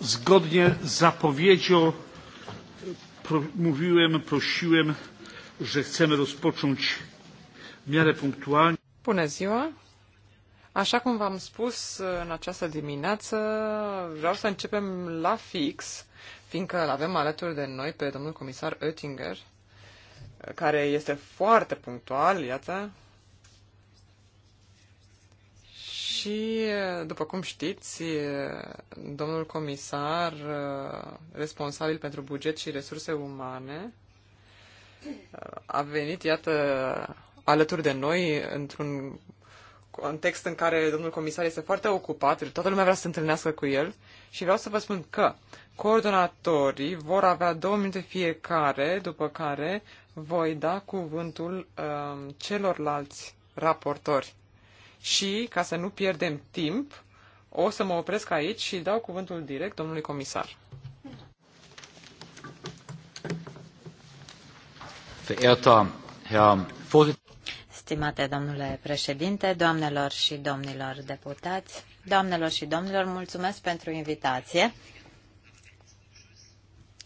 Zgodnie z zapowiedzią mówiłem, prosiłem, że chcemy rozpocząć w miarę punktualnie. Bună ziua! Așa cum v-am spus în această dimineață, vreau să începem la fix, fiindcă îl avem alături de noi pe domnul comisar Oettinger, care este foarte punctual, iată, Și, după cum știți, domnul comisar responsabil pentru buget și resurse umane a venit, iată, alături de noi într-un context în care domnul comisar este foarte ocupat, deci toată lumea vrea să se întâlnească cu el și vreau să vă spun că coordonatorii vor avea două minute fiecare, după care voi da cuvântul uh, celorlalți raportori. Și, ca să nu pierdem timp, o să mă opresc aici și dau cuvântul direct domnului comisar. Stimate domnule președinte, doamnelor și domnilor deputați, doamnelor și domnilor, mulțumesc pentru invitație.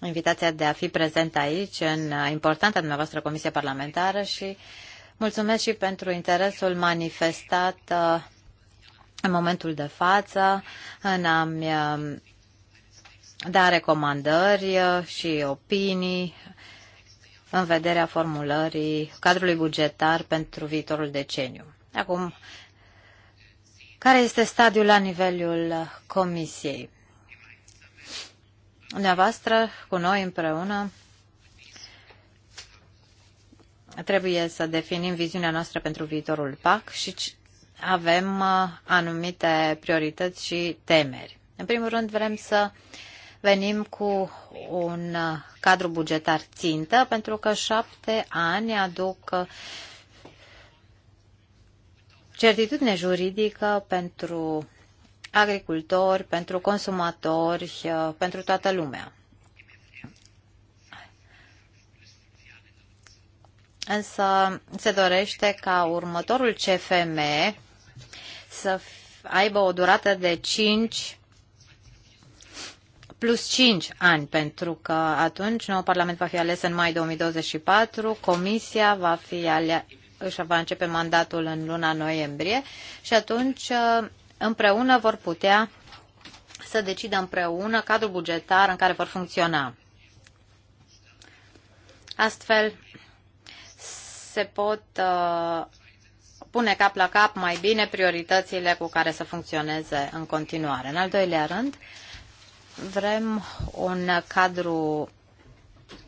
Invitația de a fi prezent aici în importanta dumneavoastră comisie parlamentară și uh, Mulțumesc și pentru interesul manifestat uh, în momentul de față, în a-mi uh, da recomandări uh, și opinii în vederea formulării cadrului bugetar pentru viitorul deceniu. Acum, care este stadiul la nivelul Comisiei? Dumneavoastră, cu noi împreună, trebuie să definim viziunea noastră pentru viitorul PAC și avem uh, anumite priorități și temeri. În primul rând, vrem să venim cu un uh, cadru bugetar țintă, pentru că șapte ani aduc uh, certitudine juridică pentru agricultori, pentru consumatori, pentru toată lumea. însă se dorește ca următorul CFM să aibă o durată de 5 plus 5 ani, pentru că atunci nou Parlament va fi ales în mai 2024, Comisia va fi alea, își va începe mandatul în luna noiembrie și atunci uh, împreună vor putea să decidă împreună cadrul bugetar în care vor funcționa. Astfel, se pot uh, pune cap la cap mai bine prioritățile cu care să funcționeze în continuare. În al doilea rând, vrem un cadru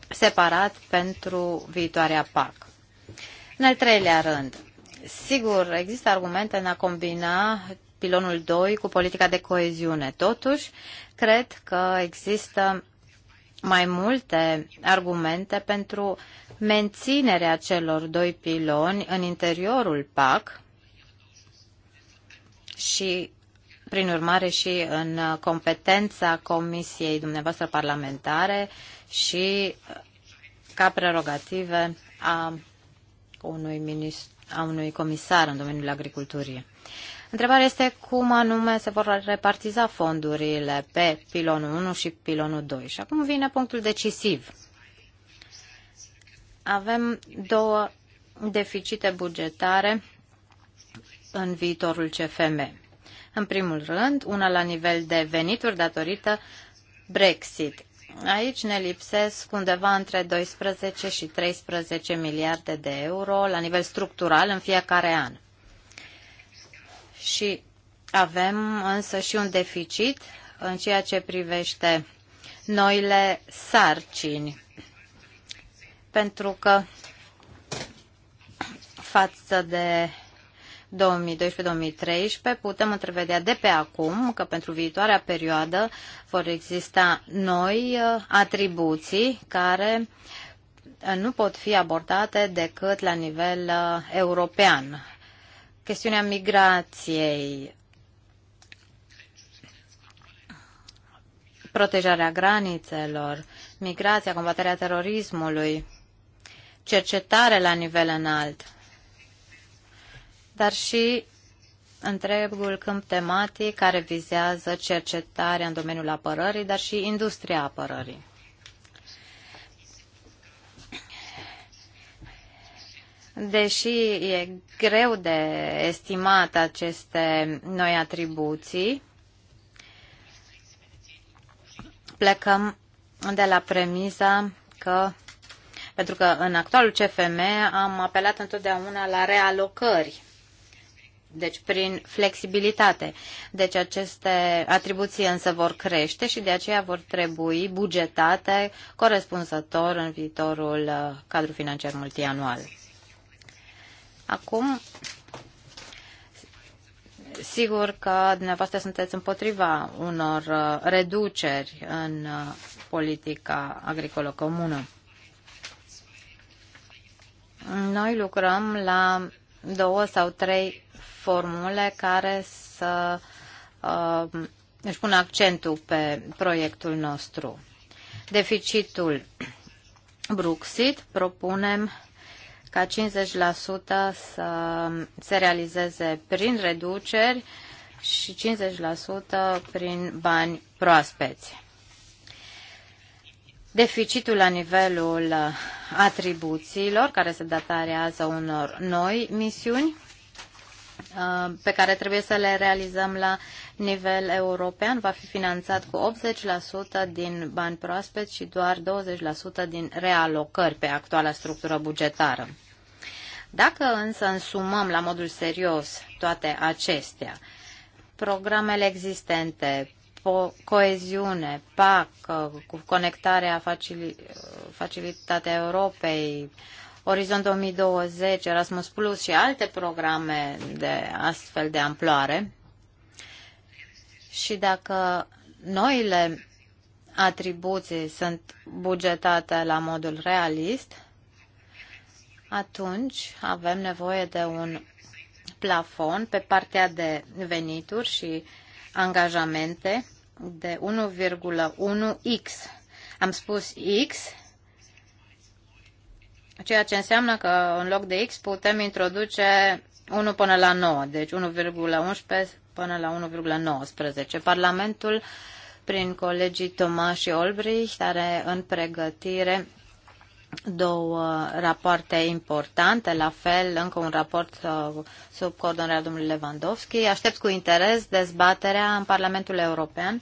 separat pentru viitoarea PAC. În al treilea rând, sigur, există argumente în a combina pilonul 2 cu politica de coeziune. Totuși, cred că există mai multe argumente pentru menținerea celor doi piloni în interiorul PAC și, prin urmare, și în competența Comisiei dumneavoastră parlamentare și ca prerogative a unui, ministru, a unui comisar în domeniul agriculturii. Întrebarea este cum anume se vor repartiza fondurile pe pilonul 1 și pilonul 2. Și acum vine punctul decisiv. Avem două deficite bugetare în viitorul CFM. În primul rând, una la nivel de venituri datorită Brexit. Aici ne lipsesc undeva între 12 și 13 miliarde de euro la nivel structural în fiecare an și avem însă și un deficit în ceea ce privește noile sarcini. Pentru că față de 2012-2013 putem întrevedea de pe acum că pentru viitoarea perioadă vor exista noi uh, atribuții care uh, nu pot fi abordate decât la nivel uh, european chestiunea migrației, protejarea granițelor, migrația, combaterea terorismului, cercetare la nivel înalt, dar și întregul câmp tematic care vizează cercetarea în domeniul apărării, dar și industria apărării. Deși e greu de estimat aceste noi atribuții, plecăm de la premisa că, pentru că în actualul CFM am apelat întotdeauna la realocări, deci prin flexibilitate. Deci aceste atribuții însă vor crește și de aceea vor trebui bugetate corespunzător în viitorul uh, cadru financiar multianual. Acum, sigur că dumneavoastră sunteți împotriva unor uh, reduceri în uh, politica agricolă comună. Noi lucrăm la două sau trei formule care să uh, își pună accentul pe proiectul nostru. Deficitul Bruxit propunem ca 50% să se realizeze prin reduceri și 50% prin bani proaspeți. Deficitul la nivelul atribuțiilor, care se datarează unor noi misiuni, uh, pe care trebuie să le realizăm la nivel european va fi finanțat cu 80% din bani proaspeți și doar 20% din realocări pe actuala structură bugetară. Dacă însă însumăm la modul serios toate acestea, programele existente, coeziune, PAC, cu conectarea facil facilitatea Europei, Orizont 2020, Erasmus Plus și alte programe de astfel de amploare. Și dacă noile atribuții sunt bugetate la modul realist, atunci avem nevoie de un plafon pe partea de venituri și angajamente de 1,1x. Am spus x, ceea ce înseamnă că în loc de x putem introduce 1 până la 9, deci 1,11 până la 1,19. Parlamentul, prin colegii Tomaș și Olbrich, are în pregătire două rapoarte importante, la fel încă un raport uh, sub coordonarea domnului Lewandowski. Aștept cu interes dezbaterea în Parlamentul European.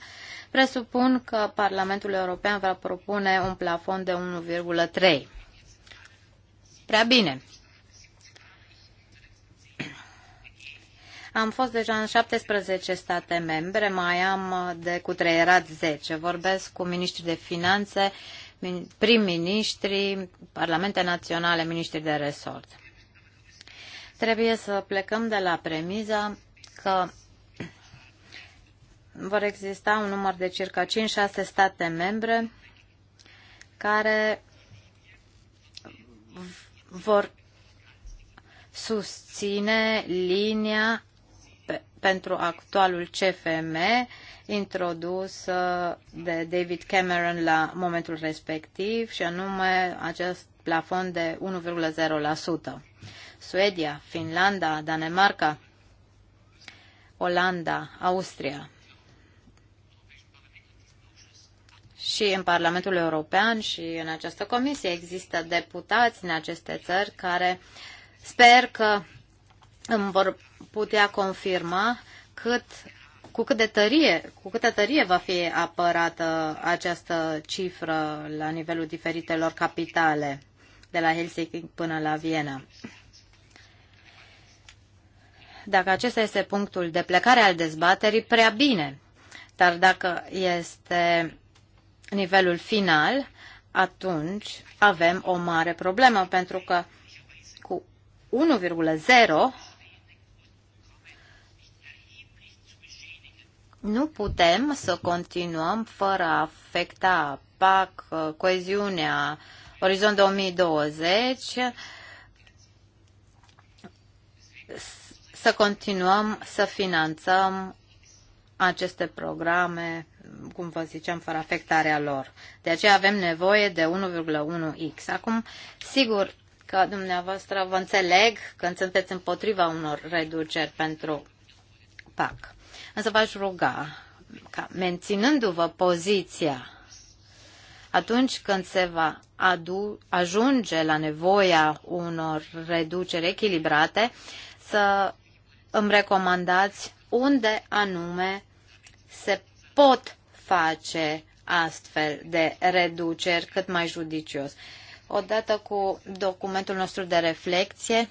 Presupun că Parlamentul European va propune un plafon de 1,3. Prea bine. Am fost deja în 17 state membre, mai am de cutreierat 10. Vorbesc cu ministrii de finanțe, uh, prim-ministri, parlamente naționale, miniștri de resort. Trebuie să plecăm de la premiza că vor exista un număr de circa 5-6 state membre care vor susține linia pe, pentru actualul CFM introdus uh, de David Cameron la momentul respectiv și anume acest plafon de 1,0%. Suedia, Finlanda, Danemarca, Olanda, Austria și în Parlamentul European și în această comisie există deputați în aceste țări care sper că îmi vor putea confirma cât cu cât de tărie, cu câtă tărie va fi apărată această cifră la nivelul diferitelor capitale, de la Helsinki până la Viena. Dacă acesta este punctul de plecare al dezbaterii, prea bine. Dar dacă este nivelul final, atunci avem o mare problemă, pentru că cu 1,0 Nu putem să continuăm fără a afecta PAC, uh, coeziunea, Orizont 2020, să continuăm să finanțăm aceste programe, cum vă ziceam, fără afectarea lor. De aceea avem nevoie de 1,1x. Acum, sigur că dumneavoastră vă înțeleg când sunteți împotriva unor reduceri pentru PAC. Însă v-aș ruga ca menținându-vă poziția atunci când se va adu- ajunge la nevoia unor reduceri echilibrate, să îmi recomandați unde anume se pot face astfel de reduceri cât mai judicios. Odată cu documentul nostru de reflexie,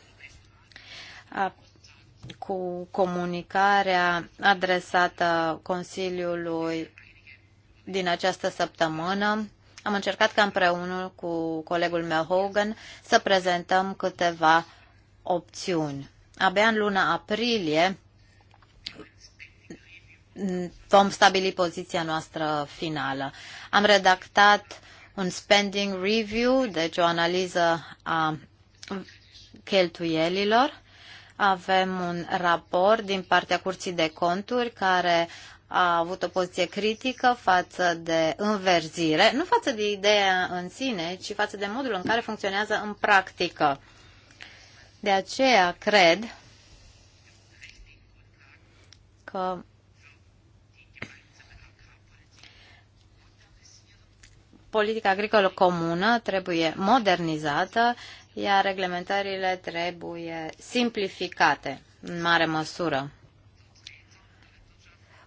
cu comunicarea adresată Consiliului din această săptămână, am încercat ca împreună cu colegul meu Hogan să prezentăm câteva opțiuni. Abia în luna aprilie vom stabili poziția noastră finală. Am redactat un spending review, deci o analiză a cheltuielilor avem un raport din partea Curții de Conturi care a avut o poziție critică față de înverzire, nu față de ideea în sine, ci față de modul în care funcționează în practică. De aceea cred că politica agricolă comună trebuie modernizată iar reglementările trebuie simplificate în mare măsură.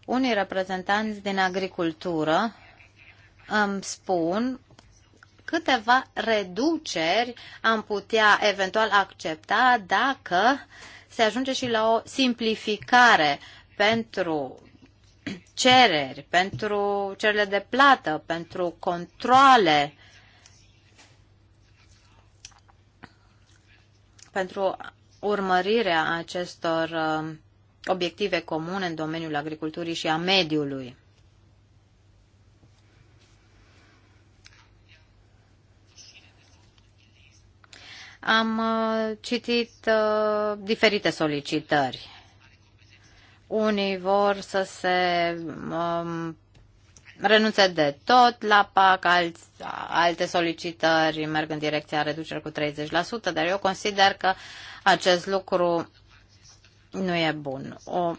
Unii reprezentanți din agricultură îmi spun câteva reduceri am putea eventual accepta dacă se ajunge și la o simplificare pentru cereri, pentru cererile de plată, pentru controle pentru urmărirea acestor uh, obiective comune în domeniul agriculturii și a mediului. Am uh, citit uh, diferite solicitări. Unii vor să se um, renunță de tot la PAC, alți, alte solicitări merg în direcția reducerii cu 30%, dar eu consider că acest lucru nu e bun. O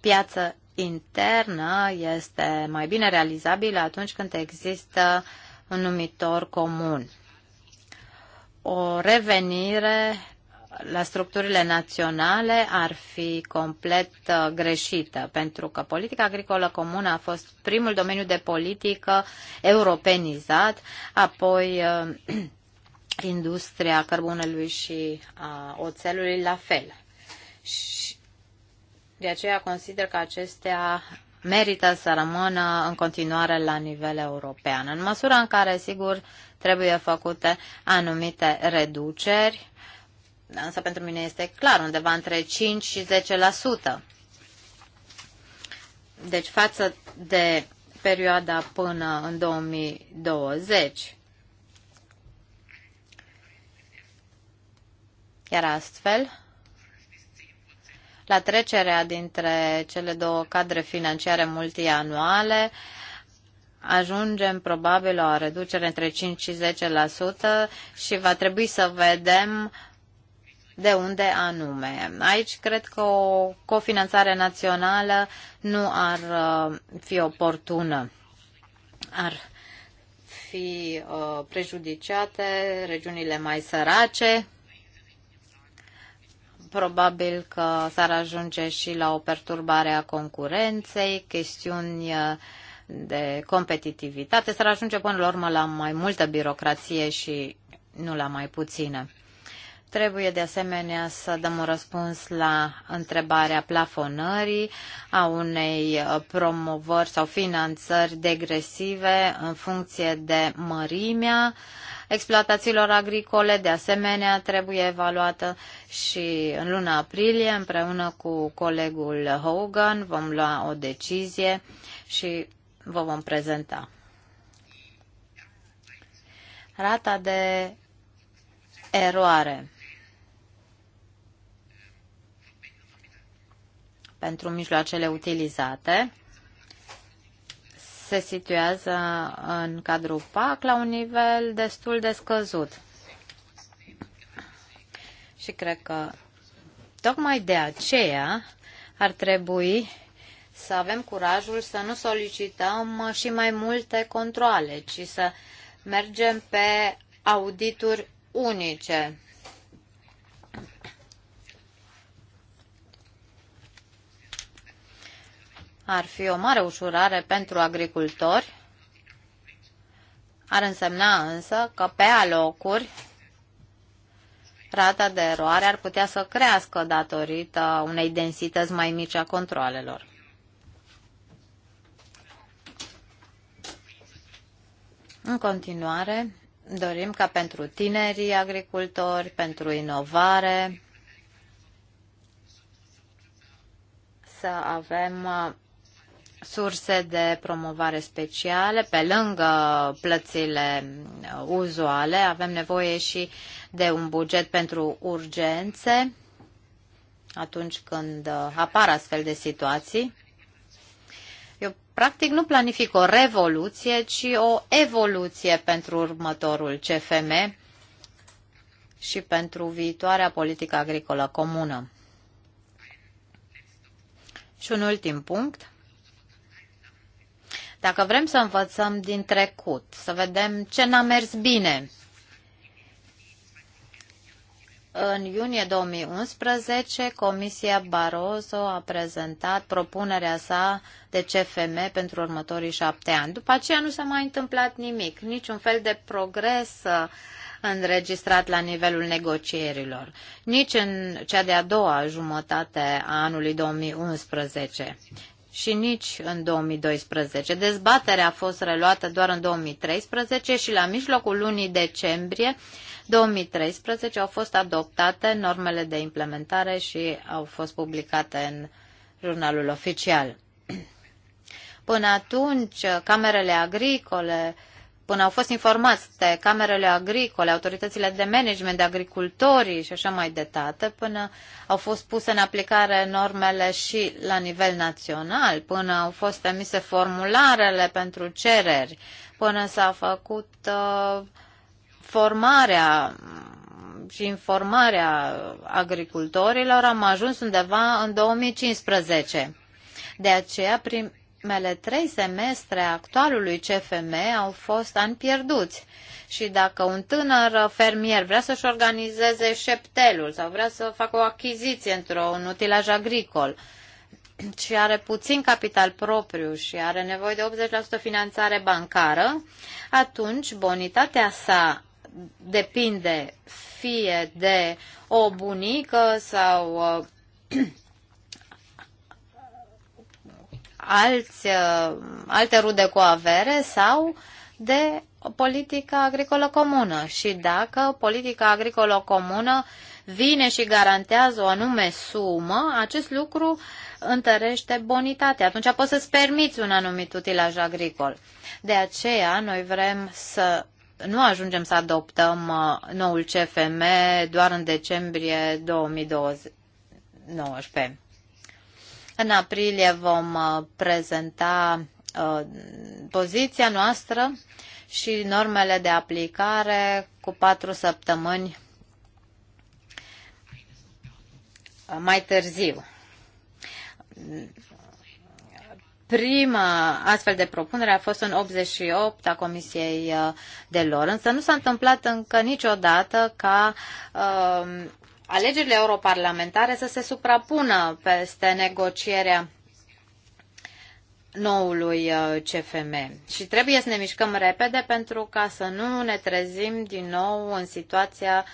piață internă este mai bine realizabilă atunci când există un numitor comun. O revenire la structurile naționale ar fi complet uh, greșită, pentru că politica agricolă comună a fost primul domeniu de politică europenizat, apoi uh, industria cărbunelui și a oțelului la fel. Și de aceea consider că acestea merită să rămână în continuare la nivel european. În măsura în care, sigur, trebuie făcute anumite reduceri, însă pentru mine este clar, undeva între 5 și 10%. Deci față de perioada până în 2020. Iar astfel, la trecerea dintre cele două cadre financiare multianuale, ajungem probabil la o reducere între 5 și 10% și va trebui să vedem de unde anume. Aici cred că o cofinanțare națională nu ar uh, fi oportună. Ar fi uh, prejudiciate regiunile mai sărace. Probabil că s-ar ajunge și la o perturbare a concurenței, chestiuni uh, de competitivitate, s-ar ajunge până la urmă la mai multă birocrație și nu la mai puțină. Trebuie de asemenea să dăm un răspuns la întrebarea plafonării a unei uh, promovări sau finanțări degresive în funcție de mărimea exploatațiilor agricole. De asemenea, trebuie evaluată și în luna aprilie, împreună cu colegul Hogan, vom lua o decizie și vă vom prezenta. Rata de eroare. pentru mijloacele utilizate se situează în cadrul PAC la un nivel destul de scăzut. Și cred că tocmai de aceea ar trebui să avem curajul să nu solicităm și mai multe controle, ci să mergem pe audituri unice ar fi o mare ușurare pentru agricultori, ar însemna însă că pe alocuri rata de eroare ar putea să crească datorită unei densități mai mici a controlelor. În continuare, dorim ca pentru tinerii agricultori, pentru inovare, să avem surse de promovare speciale, pe lângă plățile uh, uzuale, avem nevoie și de un buget pentru urgențe atunci când uh, apar astfel de situații. Eu practic nu planific o revoluție, ci o evoluție pentru următorul CFM și pentru viitoarea politică agricolă comună. Și un ultim punct. Dacă vrem să învățăm din trecut, să vedem ce n-a mers bine, în iunie 2011, Comisia Barroso a prezentat propunerea sa de CFM pentru următorii șapte ani. După aceea nu s-a mai întâmplat nimic, niciun fel de progres uh, înregistrat la nivelul negocierilor, nici în cea de-a doua jumătate a anului 2011 și nici în 2012. Dezbaterea a fost reluată doar în 2013 și la mijlocul lunii decembrie 2013 au fost adoptate normele de implementare și au fost publicate în jurnalul oficial. Până atunci, camerele agricole, până au fost informați de camerele agricole, autoritățile de management, de agricultorii și așa mai detată, până au fost puse în aplicare normele și la nivel național, până au fost emise formularele pentru cereri, până s-a făcut uh, formarea și informarea agricultorilor, am ajuns undeva în 2015. De aceea, prim, primele trei semestre actualului CFM au fost ani pierduți. Și dacă un tânăr fermier vrea să-și organizeze șeptelul sau vrea să facă o achiziție într-un utilaj agricol și are puțin capital propriu și are nevoie de 80% finanțare bancară, atunci bonitatea sa depinde fie de o bunică sau uh, alți, uh, alte rude cu avere sau de politica agricolă comună. Și dacă politica agricolă comună vine și garantează o anume sumă, acest lucru întărește bonitatea. Atunci poți să-ți permiți un anumit utilaj agricol. De aceea, noi vrem să nu ajungem să adoptăm uh, noul CFM doar în decembrie 2019. În aprilie vom uh, prezenta uh, poziția noastră și normele de aplicare cu patru săptămâni uh, mai târziu. Prima astfel de propunere a fost în 88 a Comisiei de lor, însă nu s-a întâmplat încă niciodată ca uh, alegerile europarlamentare să se suprapună peste negocierea noului uh, CFM. Și trebuie să ne mișcăm repede pentru ca să nu ne trezim din nou în situația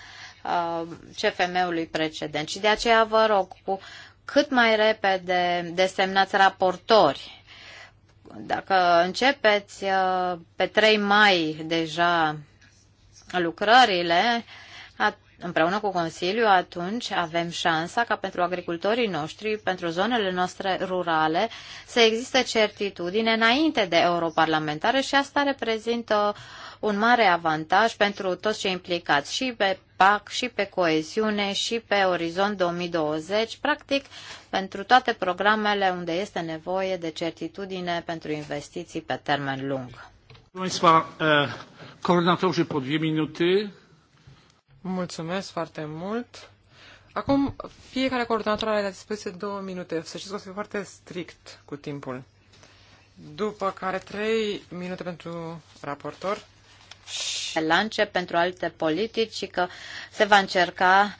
uh, CFM-ului precedent. Și de aceea vă rog cu cât mai repede desemnați raportori. Dacă începeți uh, pe 3 mai deja lucrările, împreună cu Consiliul, atunci avem șansa ca pentru agricultorii noștri, pentru zonele noastre rurale, să existe certitudine înainte de europarlamentare și asta reprezintă un mare avantaj pentru toți cei implicați și pe PAC, și pe coeziune, și pe Orizont 2020, practic pentru toate programele unde este nevoie de certitudine pentru investiții pe termen lung. Proszę Państwa, koordynatorzy po Mulțumesc foarte mult. Acum, fiecare coordonator are la dispoziție două minute. Să știți că o să fiu foarte strict cu timpul. După care trei minute pentru raportor. Lance pentru alte politici și că se va încerca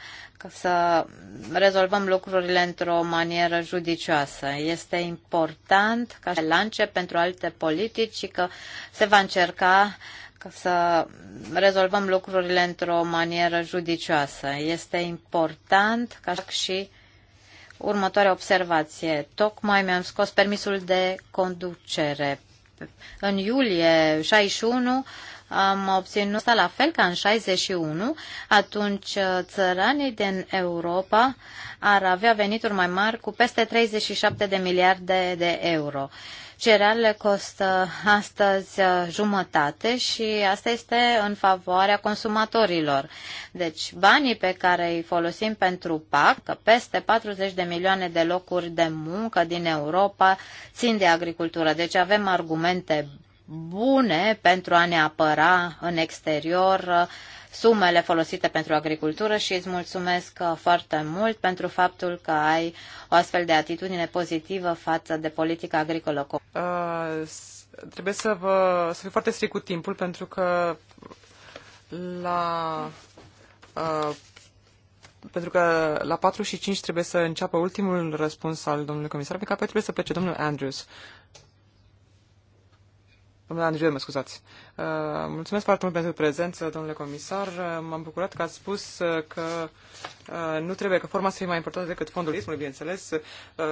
să rezolvăm lucrurile într-o manieră judicioasă. Este important ca lance pentru alte politici și că se va încerca să rezolvăm lucrurile într-o manieră judicioasă. Este important ca și următoarea observație. Tocmai mi-am scos permisul de conducere. În iulie 61 am obținut asta la fel ca în 61, atunci uh, țăranii din Europa ar avea venituri mai mari cu peste 37 de miliarde de euro. Uh, Cerealele costă astăzi uh, jumătate și asta este în favoarea consumatorilor. Deci banii pe care îi folosim pentru PAC, peste 40 de milioane de locuri de muncă din Europa țin de agricultură. Deci avem argumente bune pentru a ne apăra în exterior uh, sumele folosite pentru agricultură și îți mulțumesc uh, foarte mult pentru faptul că ai o astfel de atitudine pozitivă față de politica agricolă Uh, trebuie să vă să fiu foarte strict cu timpul pentru că la uh, pentru că la 4 și 5 trebuie să înceapă ultimul răspuns al domnului comisar, pe care trebuie să plece domnul Andrews. Domnule Andrews, mă scuzați. Uh, Uh, mulțumesc foarte mult pentru prezență, domnule comisar. Uh, m-am bucurat că ați spus uh, că nu trebuie, că forma să fie mai importantă decât fondul ismului, bineînțeles,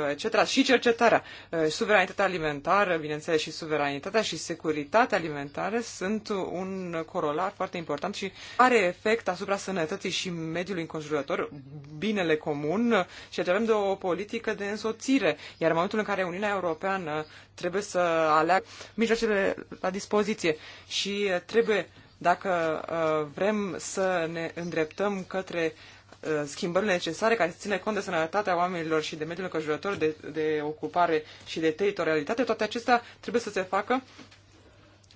etc. Și cercetarea. Suveranitatea alimentară, bineînțeles, și suveranitatea și securitatea alimentară sunt un corolar foarte important și are efect asupra sănătății și mediului înconjurător, binele comun și avem de o politică de însoțire. Iar în momentul în care Uniunea Europeană trebuie să aleagă mijloacele la dispoziție și uh, trebuie, dacă uh, vrem să ne îndreptăm către uh, schimbările necesare care ține cont de sănătatea oamenilor și de mediul înconjurător, de, de ocupare și de teritorialitate, toate acestea trebuie să se facă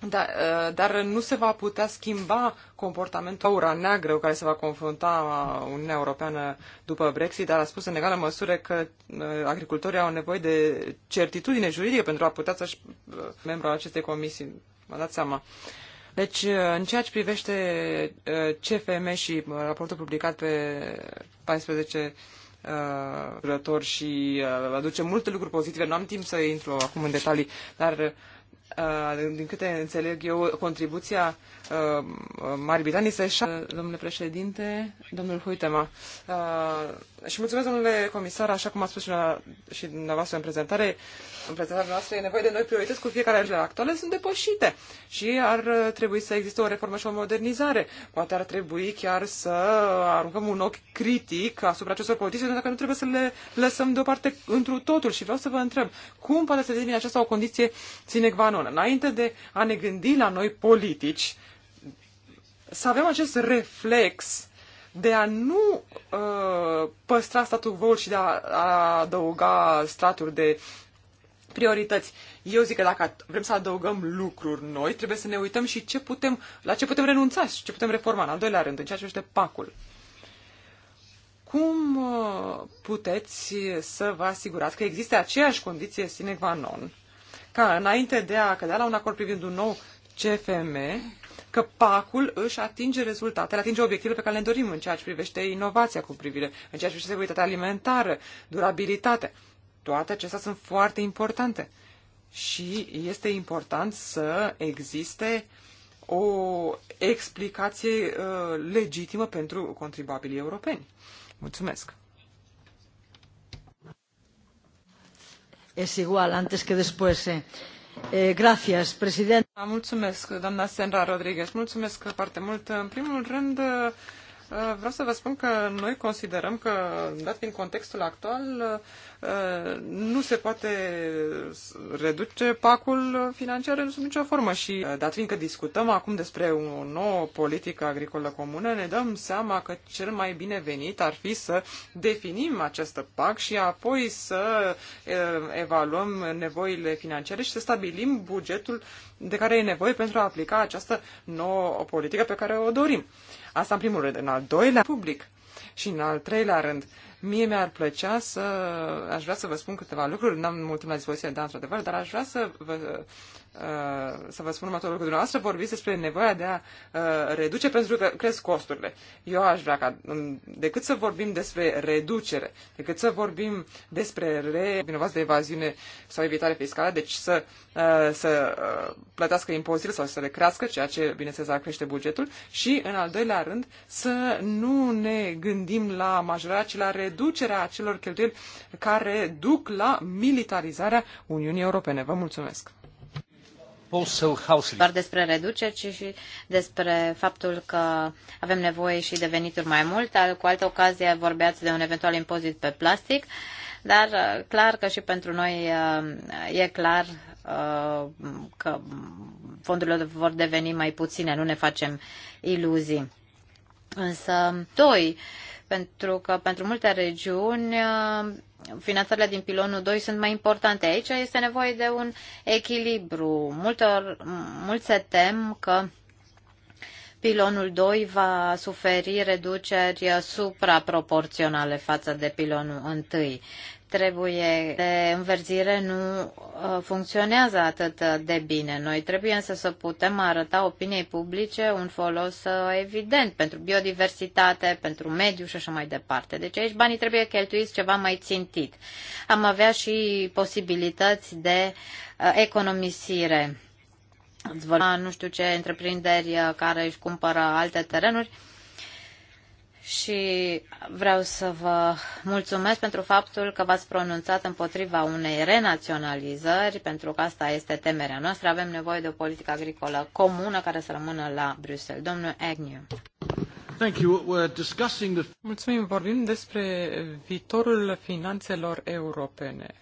da, dar nu se va putea schimba comportamentul aura neagră care se va confrunta Uniunea Europeană după Brexit, dar a spus în egală măsură că agricultorii au nevoie de certitudine juridică pentru a putea să-și membru al acestei comisii. Vă dați seama. Deci, uh, în ceea ce privește uh, CFM și uh, raportul publicat pe 14 lucrători și aduce multe lucruri pozitive. Nu am timp să intru acum în detalii, dar din câte înțeleg eu, contribuția Uh, Marii Britanii se șa... Uh, domnule președinte, domnul Huitema, uh, și mulțumesc, domnule comisar, așa cum a spus și, la, și dumneavoastră în prezentare, în prezentarea noastră e nevoie de noi priorități cu fiecare de actuale sunt depășite și ar uh, trebui să existe o reformă și o modernizare. Poate ar trebui chiar să aruncăm un ochi critic asupra acestor politici, pentru că nu trebuie să le lăsăm deoparte întru totul. Și vreau să vă întreb, cum poate să devine aceasta o condiție sine qua non? Înainte de a ne gândi la noi politici, să avem acest reflex de a nu uh, păstra statul vol și de a, a adăuga straturi de priorități. Eu zic că dacă vrem să adăugăm lucruri noi, trebuie să ne uităm și ce putem, la ce putem renunța și ce putem reforma. În al doilea rând, în ceea ce este pacul. Cum uh, puteți să vă asigurați că există aceeași condiție sine qua non ca înainte de a cădea la un acord privind un nou CFM, că PAC-ul își atinge rezultatele, atinge obiectivele pe care le dorim în ceea ce privește inovația cu privire, în ceea ce privește securitatea alimentară, durabilitate. Toate acestea sunt foarte importante. Și este important să existe o explicație uh, legitimă pentru contribuabilii europeni. Mulțumesc! Es igual antes que después. Eh. Eh, da, mulțumesc, doamna Senra Rodriguez. Mulțumesc foarte mult. În primul rând, eh, vreau să vă spun că noi considerăm că, dat fiind contextul actual, nu se poate reduce pacul financiar în sub nicio formă și eh, dat fiindcă discutăm acum despre o nouă politică agricolă comună, ne dăm seama că cel mai bine venit ar fi să definim această PAC și apoi să eh, evaluăm nevoile financiare și să stabilim bugetul de care e nevoie pentru a aplica această nouă politică pe care o dorim. Asta în primul rând. În al doilea, public. Și în al treilea rând, Mie mi-ar plăcea să... Aș vrea să vă spun câteva lucruri, n-am mult timp la dispoziție, da, într-adevăr, dar aș vrea să vă, uh, să vă spun următorul lucru. Dumneavoastră vorbiți despre nevoia de a uh, reduce pentru că cresc costurile. Eu aș vrea ca, um, decât să vorbim despre reducere, decât să vorbim despre re... vinovați de evaziune sau evitare fiscală, deci să, uh, să plătească impozitele sau să le crească, ceea ce, bineînțeles, ar crește bugetul și, în al doilea rând, să nu ne gândim la majorarea, ci la reducere reducerea acelor cheltuieli care duc la militarizarea Uniunii Europene. Vă mulțumesc! doar despre reduceri, ci și despre faptul că avem nevoie și de venituri mai mult. Cu altă ocazie vorbeați de un eventual impozit pe plastic, dar uh, clar că și pentru noi uh, e clar uh, că fondurile vor deveni mai puține, nu ne facem iluzii. Însă, doi, pentru că pentru multe regiuni uh, finanțările din pilonul 2 sunt mai importante. Aici este nevoie de un echilibru. Multor, mulți se tem că pilonul 2 va suferi reduceri supraproporționale față de pilonul 1 trebuie de înverzire nu uh, funcționează atât de bine. Noi trebuie însă să putem arăta opiniei publice un folos uh, evident pentru biodiversitate, pentru mediu și așa mai departe. Deci aici banii trebuie cheltuiți ceva mai țintit. Am avea și posibilități de uh, economisire. Îți nu știu ce întreprinderi care își cumpără alte terenuri și vreau să vă mulțumesc pentru faptul că v-ați pronunțat împotriva unei renaționalizări, pentru că asta este temerea noastră. Avem nevoie de o politică agricolă comună care să rămână la Bruxelles. Domnul Agnew. Thank you. We're discussing the... Mulțumim. Vorbim despre viitorul finanțelor europene.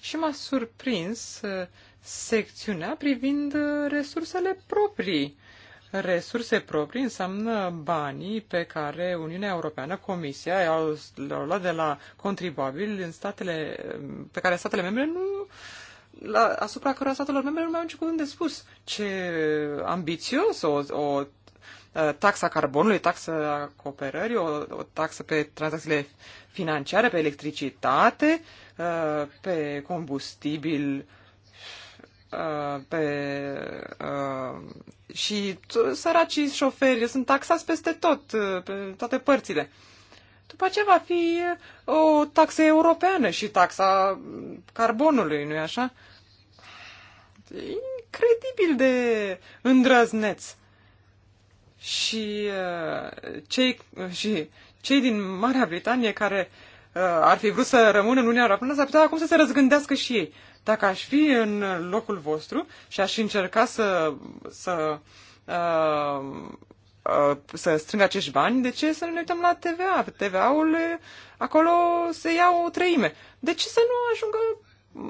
Și m-a surprins uh, secțiunea privind uh, resursele proprii Resurse proprii înseamnă banii pe care Uniunea Europeană, Comisia, i-au luat de la contribuabili în statele, pe care statele membre nu, la, asupra cărora statelor membre nu mai au niciun cuvânt de spus. Ce ambițios o, o taxa carbonului, taxa cooperării, o, o taxă pe tranzacțiile financiare, pe electricitate, pe combustibil Uh, pe, uh, și săracii șoferi sunt taxați peste tot, uh, pe toate părțile. După ce va fi uh, o taxă europeană și taxa carbonului, nu-i așa? Incredibil de îndrăzneț. Și, uh, cei, și cei din Marea Britanie care uh, ar fi vrut să rămână în Uniunea Europeană s-ar putea acum să se răzgândească și ei. Dacă aș fi în locul vostru și aș încerca să, să, uh, uh, să strâng acești bani, de ce să nu ne uităm la TVA? TVA-ul, acolo se ia o treime. De ce să nu ajungă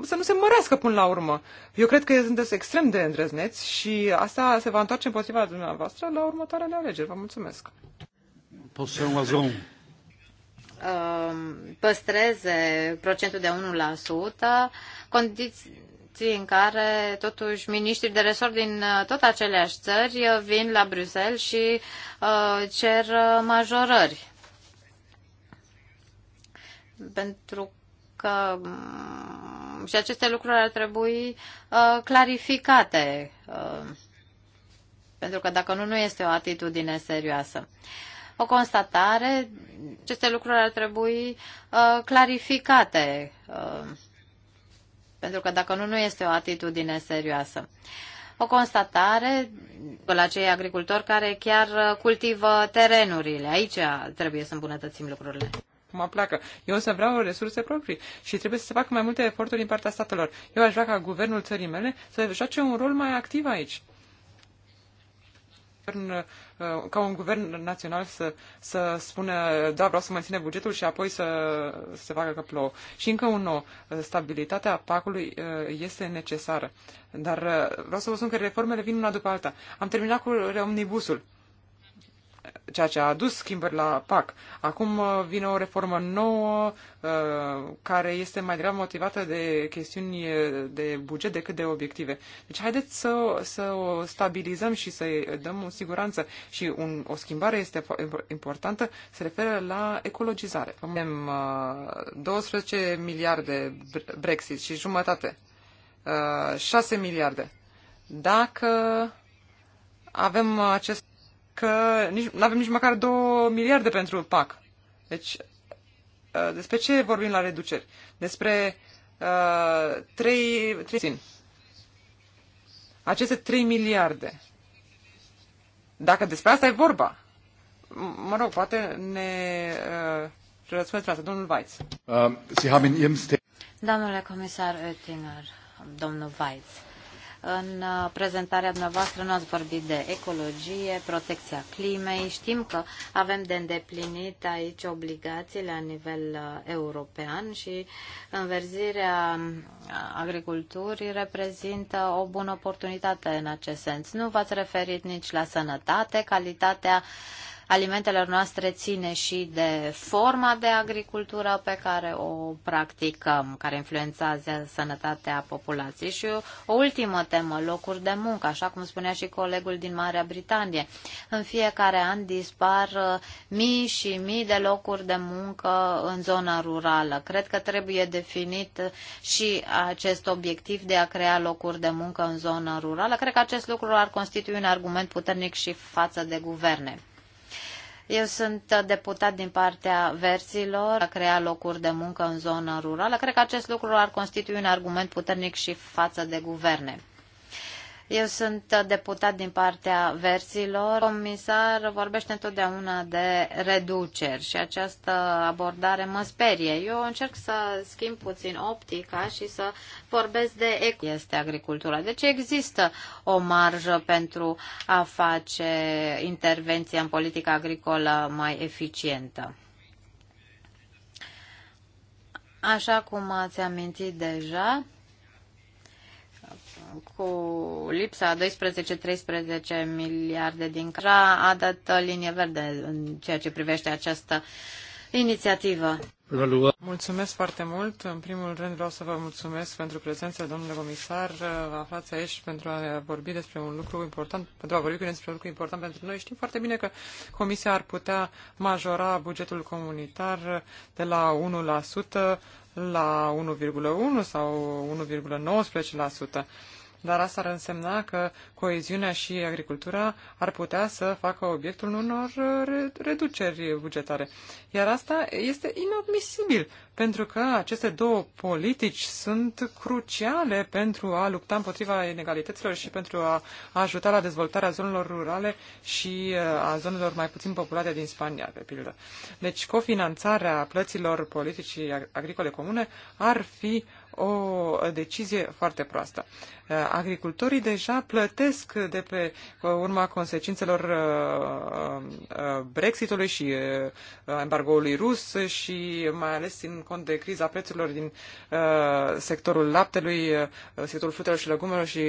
să nu se mărească până la urmă. Eu cred că sunteți extrem de îndrăzneți și asta se va întoarce împotriva dumneavoastră la următoarele alegeri. Vă mulțumesc. Um, păstreze procentul de 1%, condiții în care totuși miniștrii de resort din uh, tot aceleași țări uh, vin la Bruxelles și uh, cer uh, majorări. Pentru că mm, și aceste lucruri ar trebui uh, clarificate, uh, pentru că dacă nu, nu este o atitudine serioasă. O constatare, aceste lucruri ar trebui uh, clarificate. Uh, pentru că dacă nu, nu este o atitudine serioasă. O constatare la cei agricultori care chiar cultivă terenurile. Aici trebuie să îmbunătățim lucrurile mă placă. Eu o să vreau resurse proprii și trebuie să se facă mai multe eforturi din partea statelor. Eu aș vrea ca guvernul țării mele să joace un rol mai activ aici guvern, uh, ca un guvern național să, să spună, da, vreau să menține bugetul și apoi să, să se facă că plouă. Și încă un nou, uh, stabilitatea pacului uh, este necesară. Dar vreau să vă spun că reformele vin una după alta. Am terminat cu omnibusul ceea ce a adus schimbări la PAC. Acum uh, vine o reformă nouă uh, care este mai degrabă motivată de chestiuni de buget decât de obiective. Deci haideți să, să o stabilizăm și să-i dăm o siguranță. Și un, o schimbare este importantă, se referă la ecologizare. Avem 12 uh, miliarde Brexit și jumătate. 6 miliarde. Dacă avem acest că nu avem nici măcar 2 miliarde pentru PAC. Deci, uh, despre ce vorbim la reduceri? Despre uh, 3, 3 aceste 3 miliarde. Dacă despre asta e vorba, mă rog, poate ne uh, răspundeți la asta, domnul Weitz. Uh, Domnule comisar Oettinger, domnul Weitz, în uh, prezentarea dumneavoastră nu ați vorbit de ecologie, protecția climei. Știm că avem de îndeplinit aici obligații la nivel uh, european și înverzirea uh, agriculturii reprezintă o bună oportunitate în acest sens. Nu v-ați referit nici la sănătate, calitatea alimentelor noastre ține și de forma de agricultură pe care o practicăm, care influențează sănătatea populației. Și o ultimă temă, locuri de muncă, așa cum spunea și colegul din Marea Britanie. În fiecare an dispar uh, mii și mii de locuri de muncă în zona rurală. Cred că trebuie definit uh, și acest obiectiv de a crea locuri de muncă în zona rurală. Cred că acest lucru ar constitui un argument puternic și față de guverne. Eu sunt deputat din partea versilor a crea locuri de muncă în zonă rurală. Cred că acest lucru ar constitui un argument puternic și față de guverne. Eu sunt deputat din partea versilor. Comisar vorbește întotdeauna de reduceri și această abordare mă sperie. Eu încerc să schimb puțin optica și să vorbesc de ec. Este agricultura. Deci există o marjă pentru a face intervenția în politica agricolă mai eficientă. Așa cum ați amintit deja, cu lipsa 12-13 miliarde din care a dat linie verde în ceea ce privește această inițiativă. Mulțumesc foarte mult. În primul rând vreau să vă mulțumesc pentru prezența, domnule comisar. Vă aflați aici pentru a vorbi despre un lucru important, pentru a vorbi despre un lucru important pentru noi. Știm foarte bine că Comisia ar putea majora bugetul comunitar de la 1% la 1,1 sau 1,19%. Dar asta ar însemna că coeziunea și agricultura ar putea să facă obiectul unor uh, reduceri bugetare. Iar asta este inadmisibil, pentru că aceste două politici sunt cruciale pentru a lupta împotriva inegalităților și pentru a ajuta la dezvoltarea zonelor rurale și uh, a zonelor mai puțin populate din Spania, de pildă. Deci cofinanțarea plăților politicii agricole comune ar fi o decizie foarte proastă. Uh, agricultorii deja plătesc ies de pe urma consecințelor uh, uh, Brexitului și uh, embargoului rus și mai ales în cont de criza prețurilor din sectorul laptelui, sectorul fructelor și legumelor și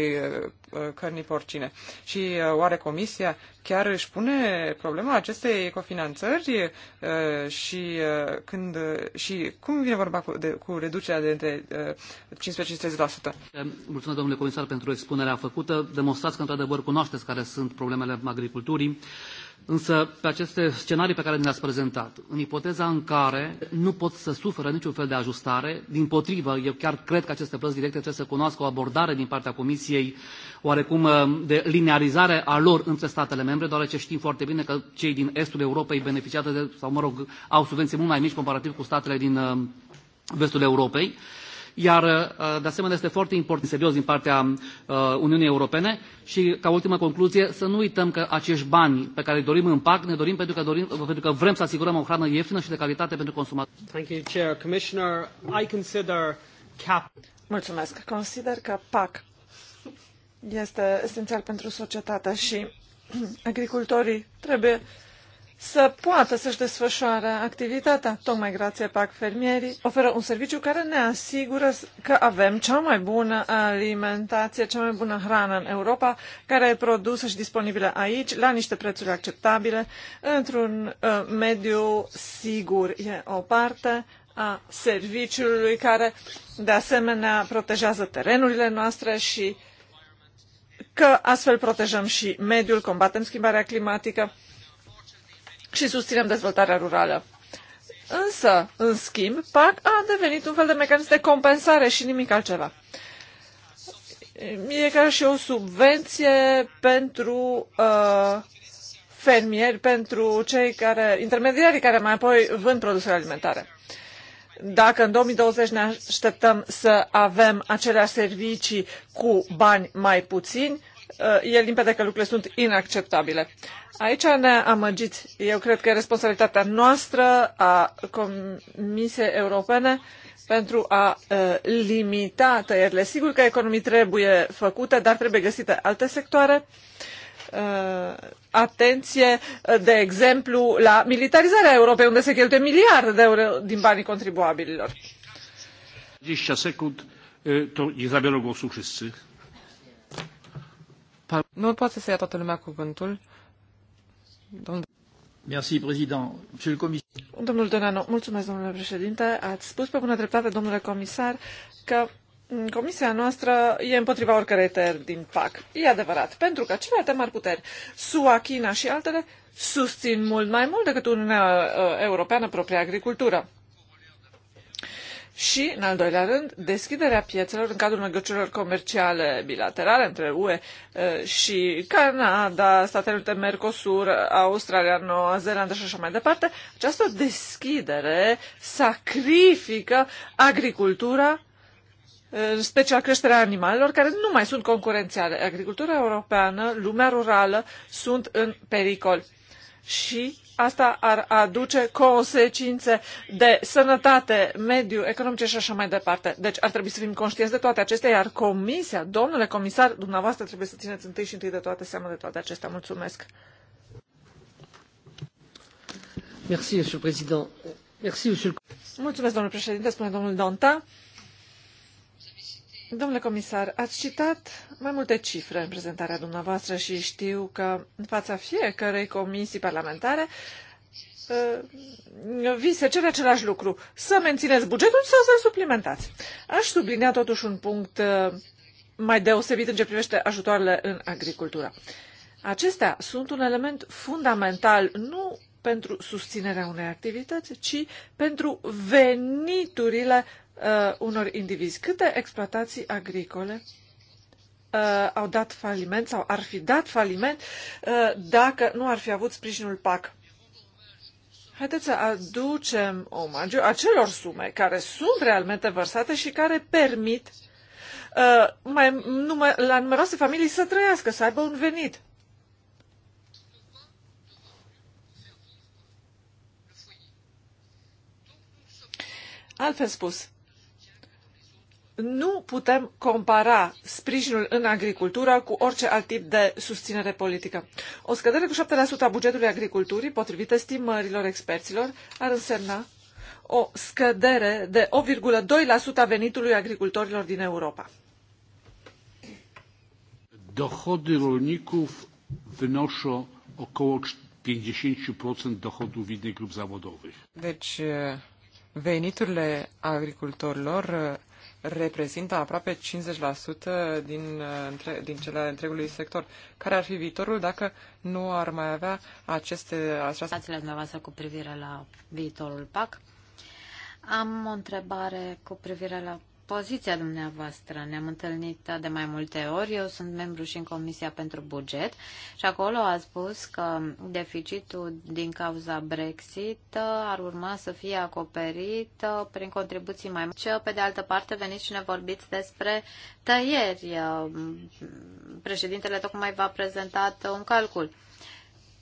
cărnii porcine. Și oare Comisia chiar își pune problema acestei cofinanțări și, când, și cum vine vorba cu, de, cu reducerea de între 15 și 30%? Mulțumesc, domnule comisar, pentru expunerea făcută. Demonstrați că într-adevăr cunoașteți care sunt problemele agriculturii, însă pe aceste scenarii pe care ni le-ați prezentat, în ipoteza în care nu pot să suferă niciun fel de ajustare, din potrivă, eu chiar cred că aceste plăți directe trebuie să cunoască o abordare din partea Comisiei oarecum uh, de linearizare a lor între statele membre, deoarece știm foarte bine că cei din estul Europei beneficiază de, sau mă rog, au subvenții mult mai mici comparativ cu statele din uh, vestul Europei iar uh, de asemenea este foarte important serios din partea uh, Uniunii Europene și ca ultimă concluzie să nu uităm că acești bani pe care îi dorim în PAC ne dorim pentru că, dorim, pentru că vrem să asigurăm o hrană ieftină și de calitate pentru consumatori. Thank you, Chair. Commissioner, I consider CAP. Mulțumesc. Consider că PAC este esențial pentru societate și agricultorii trebuie să poată să-și desfășoare activitatea. Tocmai grație PAC Fermierii oferă un serviciu care ne asigură că avem cea mai bună alimentație, cea mai bună hrană în Europa, care e produsă și disponibilă aici, la niște prețuri acceptabile, într-un uh, mediu sigur. E o parte a serviciului care, de asemenea, protejează terenurile noastre și că astfel protejăm și mediul, combatem schimbarea climatică și susținem dezvoltarea rurală. Însă, în schimb, PAC a devenit un fel de mecanism de compensare și nimic altceva. E ca și o subvenție pentru uh, fermieri, pentru cei care, intermediarii care mai apoi vând produsele alimentare. Dacă în 2020 ne așteptăm să avem aceleași servicii cu bani mai puțini, Uh, e limpede că lucrurile sunt inacceptabile. Aici ne amăgiți. Eu cred că e responsabilitatea noastră a Comisiei Europene pentru a uh, limita tăierile. Sigur că economii trebuie făcute, dar trebuie găsite alte sectoare. Uh, atenție, de exemplu, la militarizarea Europei, unde se cheltuie miliarde de euro din banii contribuabililor. 20 secund, to nu poate să ia toată lumea cuvântul. Domnul... Domnul Donano, mulțumesc, domnule președinte. Ați spus pe bună dreptate, domnule comisar, că Comisia noastră e împotriva oricărei tăieri din PAC. E adevărat, pentru că celelalte mari puteri, SUA, China și altele, susțin mult mai mult decât Uniunea uh, Europeană propria agricultură și, în al doilea rând, deschiderea piețelor în cadrul negocierilor comerciale bilaterale între UE eh, și Canada, Statele Unite, Mercosur, Australia, Noua Zeelandă și așa mai departe, această deschidere sacrifică agricultura, eh, în special creșterea animalelor, care nu mai sunt concurențiale. Agricultura europeană, lumea rurală sunt în pericol. Și Asta ar aduce consecințe de sănătate, mediu, economice și așa mai departe. Deci ar trebui să fim conștienți de toate acestea, iar comisia, domnule comisar, dumneavoastră trebuie să țineți întâi și întâi de toate seama de toate acestea. Mulțumesc! Merci, Mulțumesc, domnule președinte, spune domnul Donta. Domnule comisar, ați citat mai multe cifre în prezentarea dumneavoastră și știu că în fața fiecărei comisii parlamentare ă, vi se cere același lucru, să mențineți bugetul sau să-l suplimentați. Aș sublinea totuși un punct ă, mai deosebit în ce privește ajutoarele în agricultură. Acestea sunt un element fundamental nu pentru susținerea unei activități, ci pentru veniturile uh, unor indivizi. Câte exploatații agricole uh, au dat faliment sau ar fi dat faliment uh, dacă nu ar fi avut sprijinul PAC? Haideți să aducem omagiu acelor sume care sunt realmente vărsate și care permit uh, mai, numă, la numeroase familii să trăiască, să aibă un venit. Altfel spus, nu putem compara sprijinul în agricultură cu orice alt tip de susținere politică. O scădere cu 7% a bugetului agriculturii, potrivit estimărilor experților, ar însemna o scădere de 8,2% a venitului agricultorilor din Europa. Dochody rolników wynoszą około 50% dochodów innych grup zawodowych. Deci veniturile agricultorilor reprezintă aproape 50% din, uh, din cele ale întregului sector. Care ar fi viitorul dacă nu ar mai avea aceste... Această... dumneavoastră cu privire la viitorul PAC. Am o întrebare cu privire la poziția dumneavoastră. Ne-am întâlnit de mai multe ori. Eu sunt membru și în Comisia pentru Buget și acolo a spus că deficitul din cauza Brexit ar urma să fie acoperit uh, prin contribuții mai mari. Pe de altă parte, veniți și ne vorbiți despre tăieri. Uh, președintele tocmai v-a prezentat un calcul.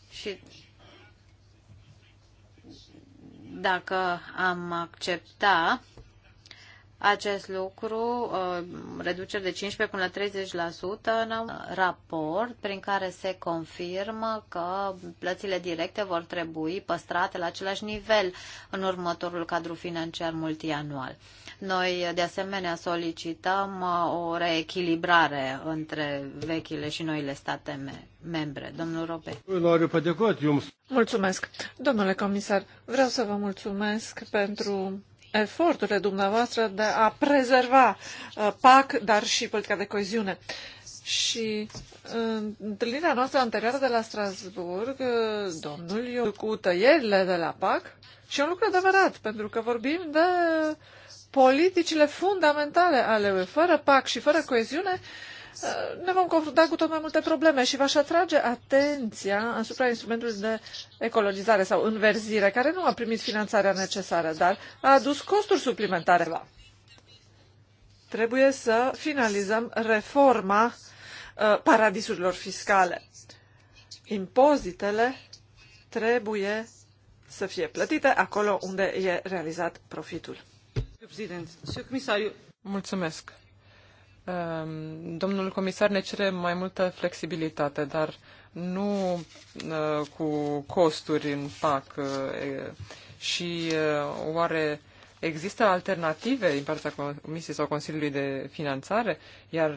Și dacă am accepta acest lucru, uh, reduceri de 15 până la 30% în un raport prin care se confirmă că plățile directe vor trebui păstrate la același nivel în următorul cadru financiar multianual. Noi, de asemenea, solicităm uh, o reechilibrare între vechile și noile state membre. Domnul Robe. Mulțumesc. Domnule comisar, vreau să vă mulțumesc pentru eforturile dumneavoastră de a prezerva uh, PAC, dar și politica de coeziune. Și în uh, întâlnirea noastră anterioară de la Strasburg, uh, domnul eu cu tăierile de la PAC și un lucru adevărat, pentru că vorbim de politicile fundamentale ale UE. Fără PAC și fără coeziune, uh, ne vom confrunta cu tot mai multe probleme și v-aș atrage atenția asupra instrumentului de ecologizare sau înverzire, care nu a primit finanțarea necesară, dar a adus costuri suplimentare la. Trebuie să finalizăm reforma uh, paradisurilor fiscale. Impozitele trebuie să fie plătite acolo unde e realizat profitul. Mulțumesc. Ehm, domnul comisar ne cere mai multă flexibilitate, dar nu ă, cu costuri în PAC. Ă, și ă, oare există alternative din partea Comisiei sau Consiliului de Finanțare? Iar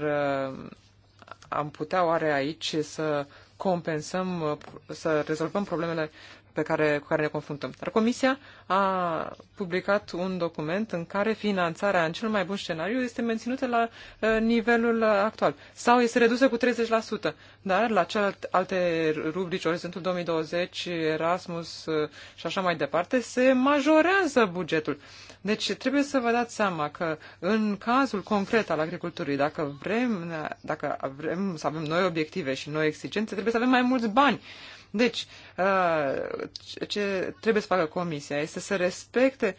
am putea oare aici să compensăm, să rezolvăm problemele pe care, cu care ne confruntăm. Dar Comisia a publicat un document în care finanțarea în cel mai bun scenariu este menținută la uh, nivelul actual sau este redusă cu 30%, dar la celelalte rubrici, Orizontul 2020, Erasmus uh, și așa mai departe, se majorează bugetul. Deci trebuie să vă dați seama că în cazul concret al agriculturii, dacă vrem, dacă vrem să avem noi obiective și noi exigențe, trebuie să avem mai mulți bani. Deci, ce trebuie să facă Comisia este să respecte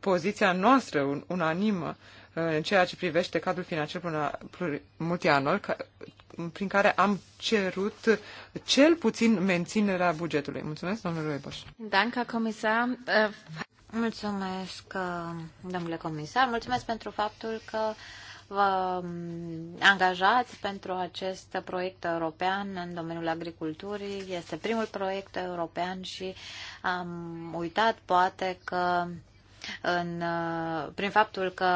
poziția noastră unanimă în ceea ce privește cadrul financiar multianual, prin care am cerut cel puțin menținerea bugetului. Mulțumesc, domnule Roiboș. Danca, comisar. Mulțumesc, domnule comisar. Mulțumesc pentru faptul că vă um, angajați pentru acest proiect european în domeniul agriculturii. Este primul proiect european și am uitat poate că în, uh, prin faptul că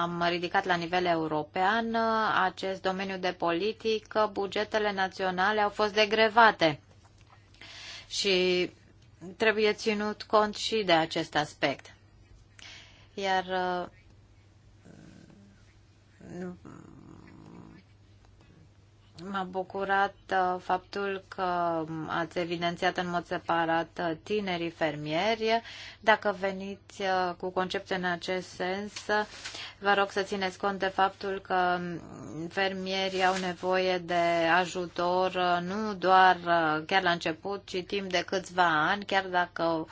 am ridicat la nivel european uh, acest domeniu de politică, bugetele naționale au fost degrevate. Și trebuie ținut cont și de acest aspect. Iar uh, M-a bucurat uh, faptul că ați evidențiat în mod separat uh, tinerii fermieri. Dacă veniți uh, cu concepte în acest sens, vă rog să țineți cont de faptul că um, fermierii au nevoie de ajutor nu doar chiar la început, ci timp de câțiva ani, chiar dacă,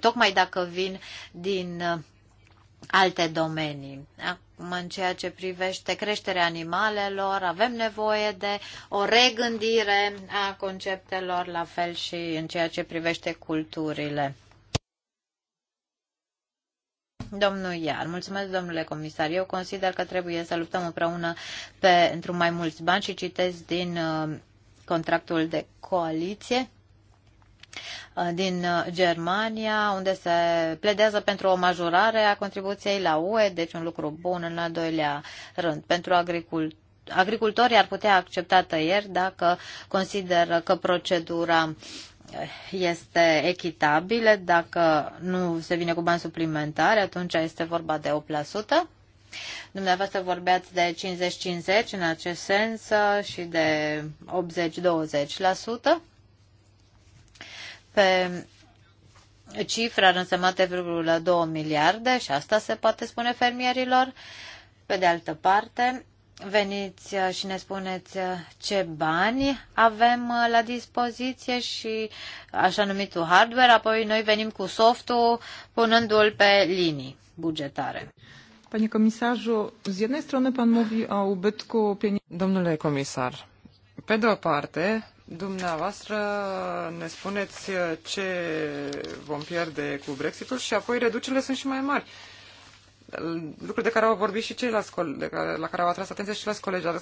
tocmai dacă vin din alte domenii acum în ceea ce privește creșterea animalelor, avem nevoie de o regândire a conceptelor, la fel și în ceea ce privește culturile. Domnul Iar, mulțumesc domnule comisar. Eu consider că trebuie să luptăm împreună pentru mai mulți bani și citesc din uh, contractul de coaliție Uh, din uh, Germania, unde se pledează pentru o majorare a contribuției la UE, deci un lucru bun în al doilea rând. Pentru agricultură agricultorii ar putea accepta tăieri dacă consideră că procedura uh, este echitabilă, dacă nu se vine cu bani suplimentari, atunci este vorba de 8%. Dumneavoastră vorbeați de 50-50 în acest sens și de 80-20% pe cifra la 2 miliarde și asta se poate spune fermierilor. Pe de altă parte, veniți și ne spuneți ce bani avem la dispoziție și așa numitul hardware, apoi noi venim cu softul punându-l pe linii bugetare. Panie komisarzu, z jednej strony pan mówi o ubytku pieniędzy. Domnule komisar, pe de o parte, Dumneavoastră ne spuneți uh, ce vom pierde cu Brexitul și apoi reducerile sunt și mai mari. Lucruri de care au vorbit și ceilalți colegi, la care au atras atenția și ceilalți colegi. Dar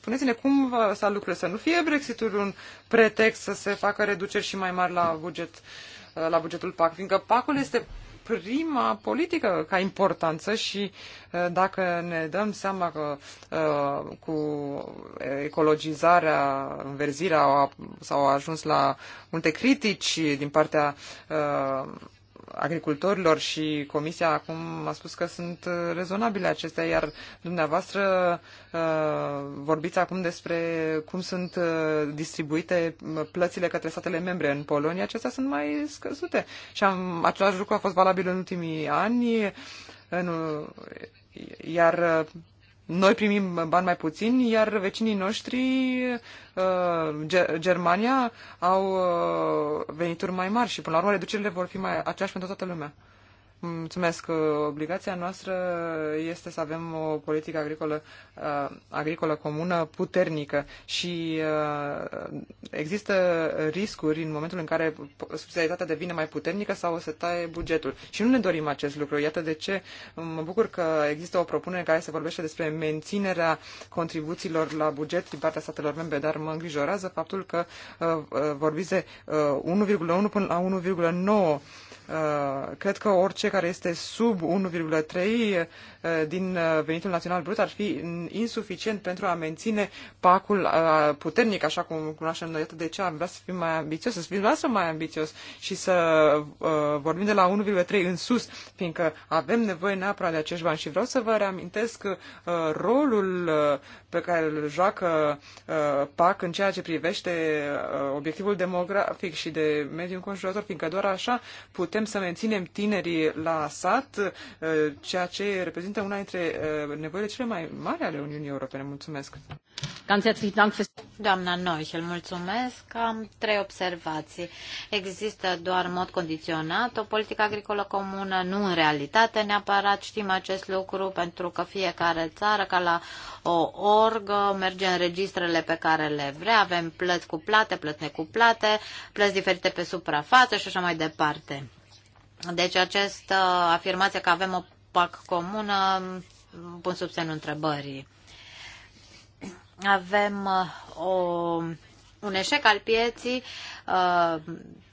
spuneți-ne cum va sta lucrurile, să nu fie Brexitul un pretext să se facă reduceri și mai mari la buget uh, la bugetul PAC, fiindcă PAC-ul este prima politică ca importanță și uh, dacă ne dăm seama că uh, cu ecologizarea, înverzirea sau s-au ajuns la multe critici din partea uh, agricultorilor și comisia acum a spus că sunt rezonabile acestea, iar dumneavoastră uh, vorbiți acum despre cum sunt uh, distribuite uh, plățile către statele membre în Polonia, acestea sunt mai scăzute. Și am, același lucru a fost valabil în ultimii ani, în, iar noi primim bani mai puțin, iar vecinii noștri, uh, Germania, au uh, venituri mai mari și, până la urmă, reducerile vor fi mai aceleași pentru toată lumea. Mulțumesc. Obligația noastră este să avem o politică agricolă, uh, agricolă comună puternică și uh, există riscuri în momentul în care subsidiaritatea devine mai puternică sau se taie bugetul. Și nu ne dorim acest lucru. Iată de ce mă bucur că există o propunere care se vorbește despre menținerea contribuțiilor la buget din partea statelor membre, dar mă îngrijorează faptul că uh, uh vorbiți de uh, 1,1 până la 1,9 Uh, cred că orice care este sub 1,3 uh, din uh, venitul național brut ar fi insuficient pentru a menține pacul puternic, așa cum cunoaștem noi. De ce am vrea să fim mai ambițios, să fim lasă mai ambițios și să vorbim de la 1,3 în sus, fiindcă avem nevoie neapărat de acești bani. Și vreau să vă reamintesc rolul pe care îl joacă PAC în ceea ce privește obiectivul demografic și de mediu înconjurător, fiindcă doar așa putem putem să menținem tinerii la sat, uh, ceea ce reprezintă una dintre uh, nevoile cele mai mari ale Uniunii Europene. Mulțumesc! Doamna Noichel, mulțumesc. Am trei observații. Există doar în mod condiționat o politică agricolă comună, nu în realitate neapărat știm acest lucru, pentru că fiecare țară, ca la o orgă, merge în registrele pe care le vrea, avem plăți cu plate, plăți necuplate, plăți diferite pe suprafață și așa mai departe. Deci această afirmație că avem o PAC comună pun sub semnul întrebării. Avem uh, o, un eșec al pieții uh,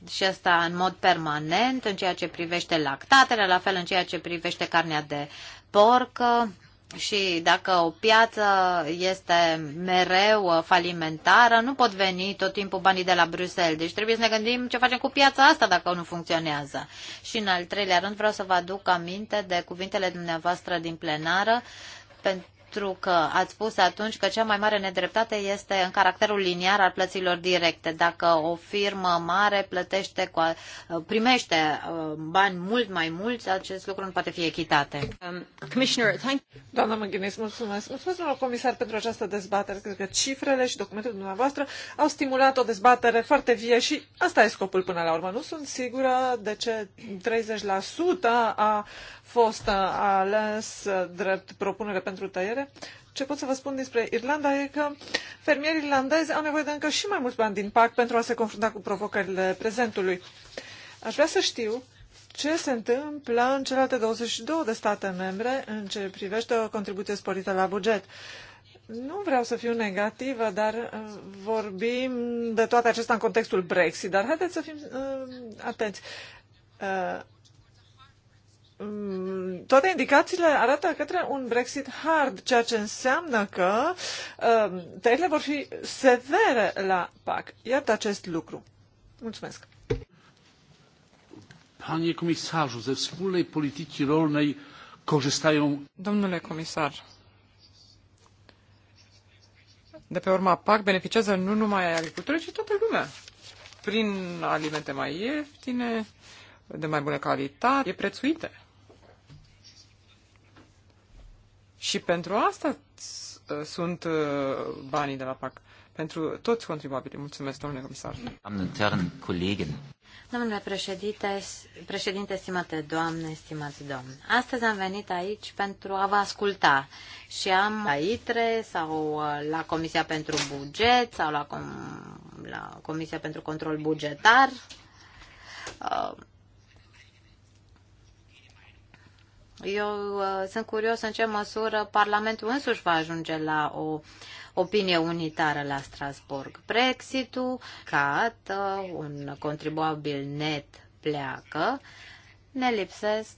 și asta în mod permanent în ceea ce privește lactatele, la fel în ceea ce privește carnea de porc și dacă o piață este mereu falimentară, nu pot veni tot timpul banii de la Bruxelles. Deci trebuie să ne gândim ce facem cu piața asta dacă nu funcționează. Și în al treilea rând vreau să vă aduc aminte de cuvintele dumneavoastră din plenară, pentru pentru că ați spus atunci că cea mai mare nedreptate este în caracterul liniar al plăților directe. Dacă o firmă mare plătește cu, primește bani mult mai mulți, acest lucru nu poate fi echitate. Um, Doamna McGuinness, mulțumesc. Mulțumesc, domnul comisar, pentru această dezbatere. Cred că cifrele și documentele dumneavoastră au stimulat o dezbatere foarte vie și asta e scopul până la urmă. Nu sunt sigură de ce 30% a fost ales drept propunere pentru tăiere ce pot să vă spun despre Irlanda e că fermierii irlandezi au nevoie de încă și mai mulți bani din PAC pentru a se confrunta cu provocările prezentului. Aș vrea să știu ce se întâmplă în celelalte 22 de state membre în ce privește o contribuție sporită la buget. Nu vreau să fiu negativă, dar uh, vorbim de toate acestea în contextul Brexit, dar haideți să fim uh, atenți. Uh, Mm, toate indicațiile arată către un Brexit hard, ceea ce înseamnă că uh, tăierile vor fi severe la PAC. Iată acest lucru. Mulțumesc. Panie comisarzu, ze wspólnej polityki rolnej korzystają... Domnule comisar, de pe urma PAC beneficiază nu numai agricultură, ci toată lumea. Prin alimente mai ieftine, de mai bună calitate, e prețuite. Și pentru asta ă, sunt ă, banii de la PAC. Pentru toți contribuabilii. Mulțumesc, domnule comisar. Domnule președinte, președinte, stimate doamne, stimați domn, astăzi am venit aici pentru a vă asculta și am la ITRE sau ă, la Comisia pentru Buget sau la, Com- la Comisia pentru Control Bugetar. Uh, Eu uh, sunt curios în ce măsură Parlamentul însuși va ajunge la o opinie unitară la Strasburg. Brexitul, cat, uh, un contribuabil net pleacă, ne lipsesc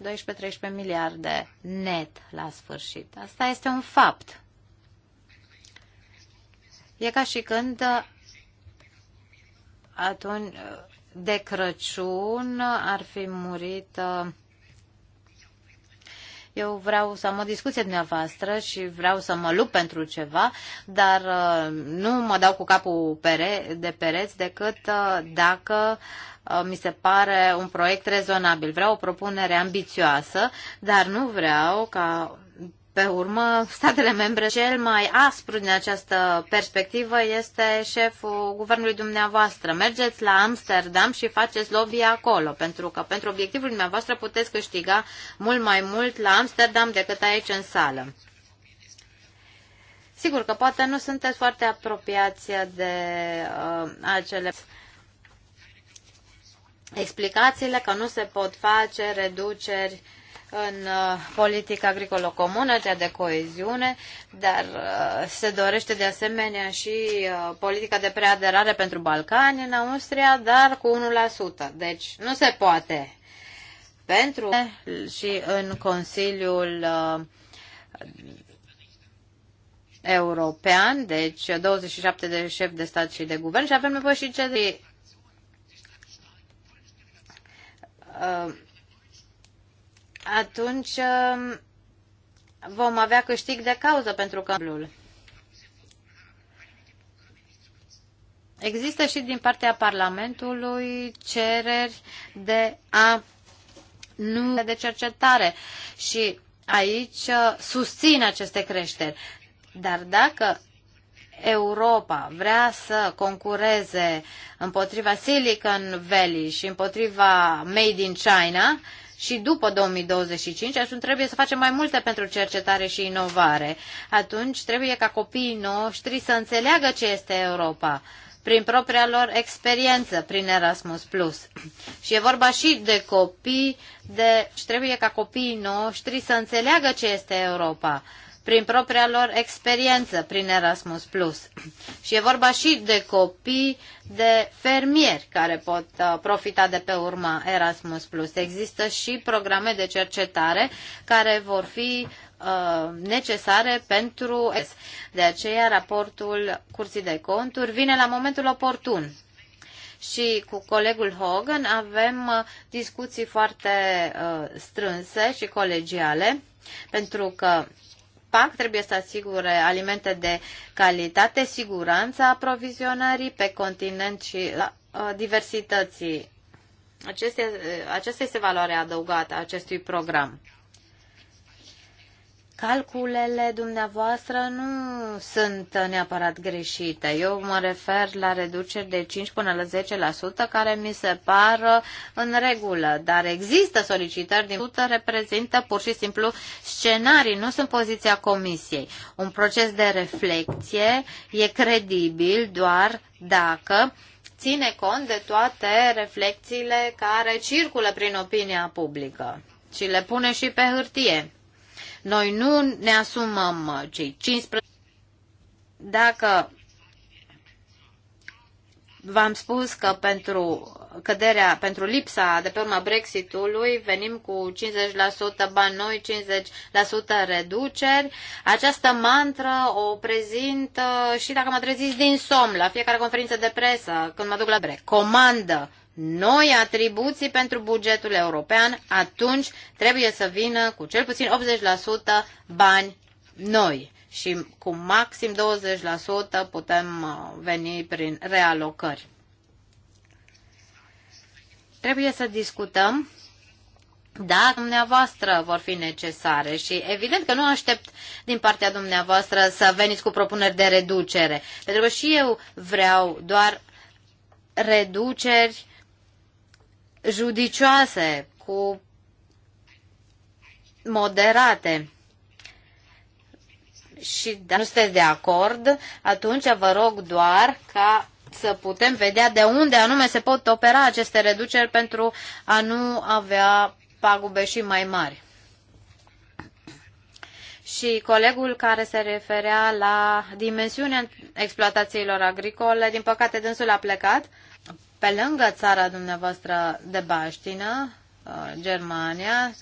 12-13 miliarde net la sfârșit. Asta este un fapt. E ca și când uh, atunci uh, de Crăciun ar fi murit uh, eu vreau să am o discuție dumneavoastră și vreau să mă lupt pentru ceva, dar uh, nu mă dau cu capul pere, de pereți decât uh, dacă uh, mi se pare un proiect rezonabil. Vreau o propunere ambițioasă, dar nu vreau ca pe urmă, statele membre cel mai aspru din această perspectivă este șeful guvernului dumneavoastră. Mergeți la Amsterdam și faceți lobby acolo, pentru că pentru obiectivul dumneavoastră puteți câștiga mult mai mult la Amsterdam decât aici în sală. Sigur că poate nu sunteți foarte apropiați de uh, acele explicațiile că nu se pot face reduceri în uh, politica agricolă comună, cea de coeziune, dar uh, se dorește de asemenea și uh, politica de preaderare pentru Balcani în Austria, dar cu 1%. Deci nu se poate. Pentru și în Consiliul European, deci 27 de șefi de stat și de guvern și avem nevoie și ce de atunci um, vom avea câștig de cauză pentru că Există și din partea Parlamentului cereri de a nu de cercetare și aici uh, susțin aceste creșteri. Dar dacă Europa vrea să concureze împotriva Silicon Valley și împotriva Made in China, și după 2025, atunci trebuie să facem mai multe pentru cercetare și inovare. Atunci trebuie ca copiii noștri să înțeleagă ce este Europa prin propria lor experiență prin Erasmus+. Plus. Și e vorba și de copii, de... și trebuie ca copiii noștri să înțeleagă ce este Europa prin propria lor experiență prin Erasmus+. Plus. Și e vorba și de copii de fermieri care pot uh, profita de pe urma Erasmus+. Plus. Există și programe de cercetare care vor fi uh, necesare pentru... De aceea raportul Curții de Conturi vine la momentul oportun și cu colegul Hogan avem uh, discuții foarte uh, strânse și colegiale, pentru că PAC trebuie să asigure alimente de calitate, siguranța aprovizionării pe continent și la, uh, diversității. Acestea, uh, aceasta este valoarea adăugată a acestui program calculele dumneavoastră nu sunt neapărat greșite. Eu mă refer la reduceri de 5 până la 10% care mi se par în regulă, dar există solicitări din 100 reprezintă pur și simplu scenarii, nu sunt poziția comisiei. Un proces de reflexie e credibil doar dacă ține cont de toate reflexiile care circulă prin opinia publică și le pune și pe hârtie. Noi nu ne asumăm uh, cei 15. Dacă v-am spus că pentru căderea, pentru lipsa de pe urma Brexitului venim cu 50% bani noi, 50% reduceri. Această mantră o prezint uh, și dacă mă treziți din somn la fiecare conferință de presă, când mă duc la Brec. Comandă noi atribuții pentru bugetul european, atunci trebuie să vină cu cel puțin 80% bani noi și cu maxim 20% putem uh, veni prin realocări. Trebuie să discutăm dacă dumneavoastră vor fi necesare și evident că nu aștept din partea dumneavoastră să veniți cu propuneri de reducere. Pentru că și eu vreau doar reduceri judicioase, cu moderate și dacă nu sunteți de acord, atunci vă rog doar ca să putem vedea de unde anume se pot opera aceste reduceri pentru a nu avea pagube și mai mari. Și colegul care se referea la dimensiunea exploatațiilor agricole, din păcate dânsul a plecat, pe lângă țara dumneavoastră de baștină, uh, Germania,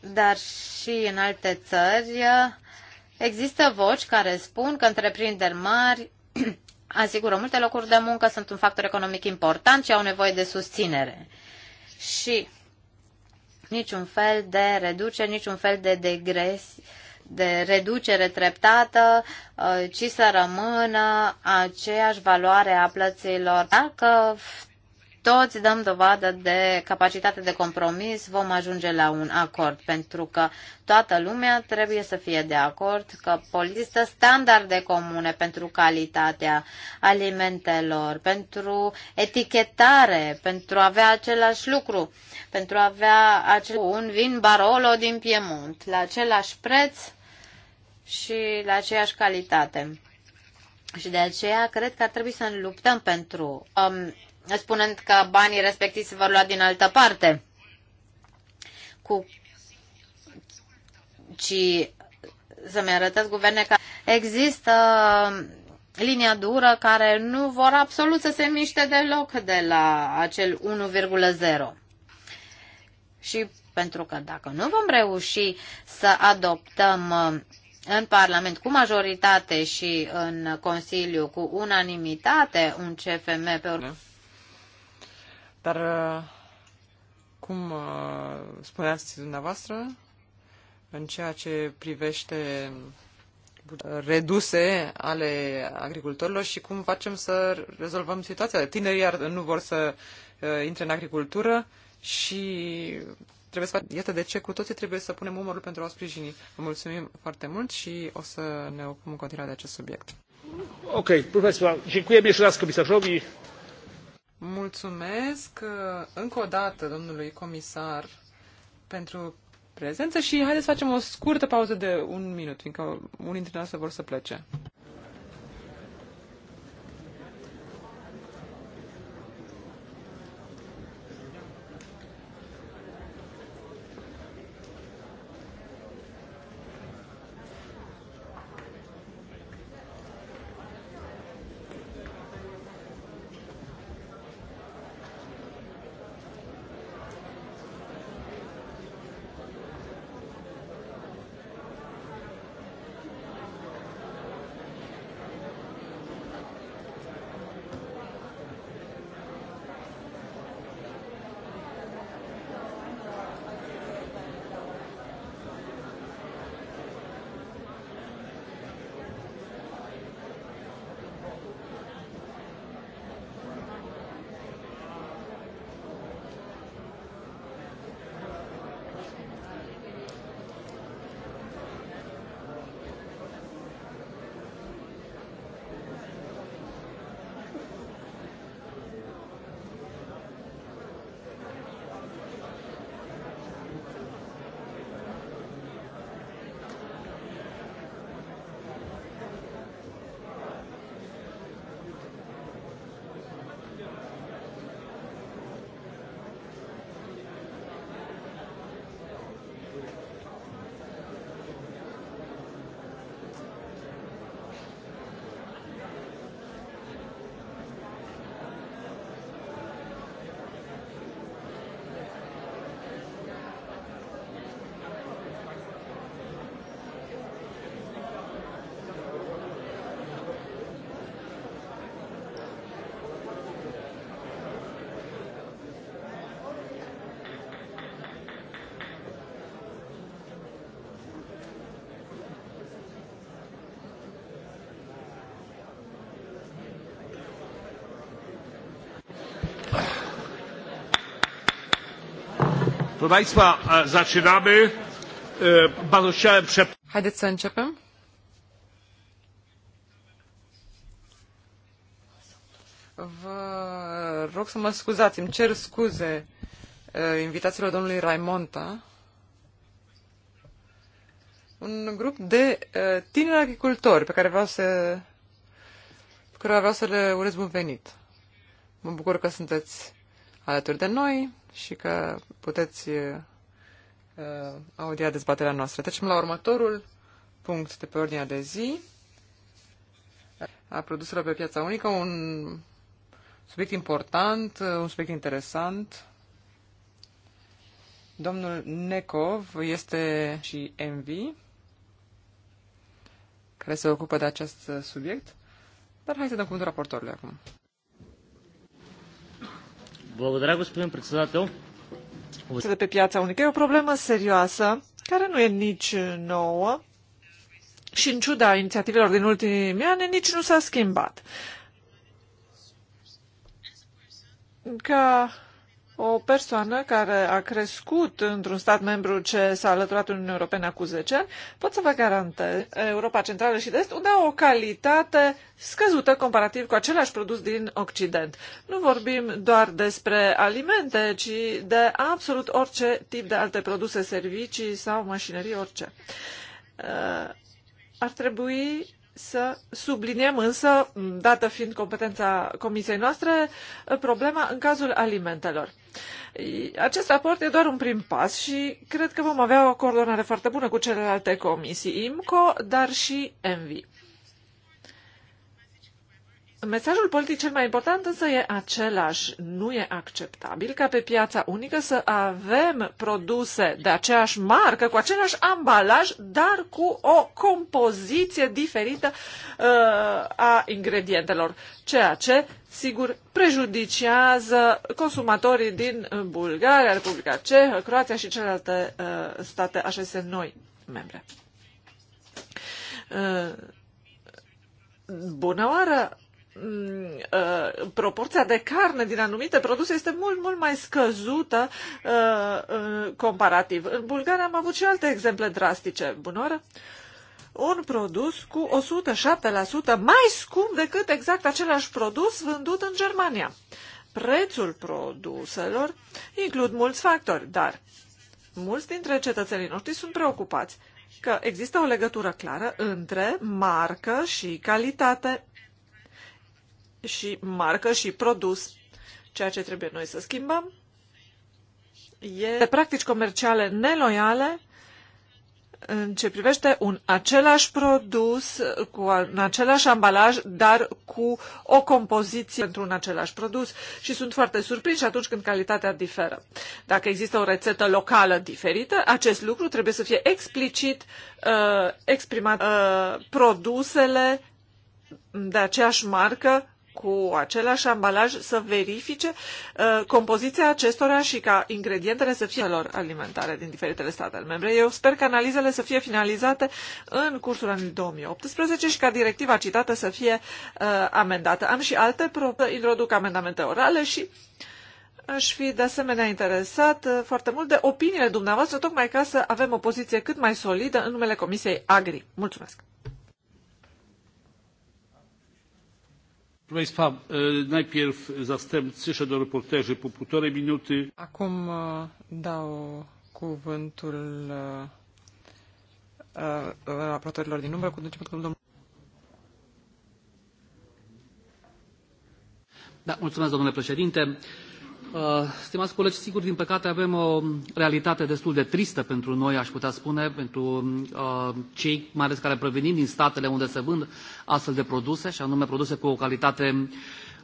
dar și în alte țări, uh, există voci care spun că întreprinderi mari asigură multe locuri de muncă, sunt un factor economic important și au nevoie de susținere. Și niciun fel de reducere, niciun fel de degresie de reducere treptată, uh, ci să rămână aceeași valoare a plăților. Dacă toți dăm dovadă de capacitate de compromis, vom ajunge la un acord, pentru că toată lumea trebuie să fie de acord că există standarde comune pentru calitatea alimentelor, pentru etichetare, pentru a avea același lucru, pentru a avea acel... un vin Barolo din Piemont, la același preț și la aceeași calitate. Și de aceea cred că ar trebui să ne luptăm pentru, um, spunând că banii respectivi se vor lua din altă parte, cu, ci să-mi arătați guverne că există um, linia dură care nu vor absolut să se miște deloc de la acel 1,0. Și pentru că dacă nu vom reuși să adoptăm uh, în Parlament cu majoritate și în Consiliu cu unanimitate un CFM pe urmă. Dar, uh, cum uh, spuneați dumneavoastră, în ceea ce privește uh, reduse ale agricultorilor și cum facem să rezolvăm situația. Tinerii nu vor să intre în agricultură și trebuie să Iată de ce cu toții trebuie să punem umărul pentru a sprijini. Vă mulțumim foarte mult și o să ne ocupăm în continuare de acest subiect. Ok, profesor, dziękuję jeszcze raz komisarzowi. Mulțumesc uh, încă o dată domnului comisar pentru prezență și haideți să facem o scurtă pauză de un minut, fiindcă unii dintre noastre vor să plece. Proszę Państwa, Haideți să începem. Vă rog să mă scuzați, îmi cer scuze invitațiilor domnului Raimonta. Un grup de tineri agricultori pe care vreau să, pe care vreau să le urez bun venit. Mă bucur că sunteți alături de noi și că puteți uh, audia dezbaterea noastră. Trecem la următorul punct de pe ordinea de zi a produselor pe piața unică, un subiect important, uh, un subiect interesant. Domnul Necov este și MV, care se ocupă de acest uh, subiect, dar hai să dăm cuvântul raportorului acum. Благодаря, господин председател. De pe piața unică e o problemă serioasă, care nu e nici nouă și în ciuda inițiativelor din ultimii ani, nici nu s-a schimbat. Ca o persoană care a crescut într-un stat membru ce s-a alăturat Uniunii Europene acum 10 ani, pot să vă garantez Europa Centrală și de Est, unde au o calitate scăzută comparativ cu același produs din Occident. Nu vorbim doar despre alimente, ci de absolut orice tip de alte produse, servicii sau mașinării, orice. Uh, ar trebui să subliniem însă, dată fiind competența comisiei noastre, problema în cazul alimentelor. Acest raport e doar un prim pas și cred că vom avea o coordonare foarte bună cu celelalte comisii IMCO, dar și ENVI. Mesajul politic cel mai important însă e același. Nu e acceptabil ca pe piața unică să avem produse de aceeași marcă, cu același ambalaj, dar cu o compoziție diferită uh, a ingredientelor, ceea ce, sigur, prejudiciază consumatorii din Bulgaria, Republica Cehă, Croația și celelalte uh, state așese noi membre. Uh, bună oară! Mm, uh, proporția de carne din anumite produse este mult, mult mai scăzută uh, uh, comparativ. În Bulgaria am avut și alte exemple drastice. Bună oră! un produs cu 107% mai scump decât exact același produs vândut în Germania. Prețul produselor includ mulți factori, dar mulți dintre cetățenii noștri sunt preocupați că există o legătură clară între marcă și calitate și marcă și produs. Ceea ce trebuie noi să schimbăm e practici comerciale neloiale în ce privește un același produs cu un același ambalaj, dar cu o compoziție pentru un același produs și sunt foarte surprins atunci când calitatea diferă. Dacă există o rețetă locală diferită, acest lucru trebuie să fie explicit uh, exprimat. Uh, produsele de aceeași marcă cu același ambalaj să verifice uh, compoziția acestora și ca ingredientele să fie lor alimentare din diferitele state membre. Eu sper că analizele să fie finalizate în cursul anului 2018 și ca directiva citată să fie uh, amendată. Am și alte propuneri, introduc amendamente orale și aș fi de asemenea interesat uh, foarte mult de opiniile dumneavoastră, tocmai ca să avem o poziție cât mai solidă în numele Comisiei Agri. Mulțumesc! Proszę Państwa, najpierw zastępcy, shadow reporterzy po półtorej minuty. Acum dau cuvântul raportorilor din umbră, cu început cu domnul. Da, mulțumesc, domnule președinte. Uh, stimați colegi, sigur, din păcate avem o realitate destul de tristă pentru noi, aș putea spune, pentru uh, cei mai ales care provenim din statele unde se vând astfel de produse, și anume produse cu o calitate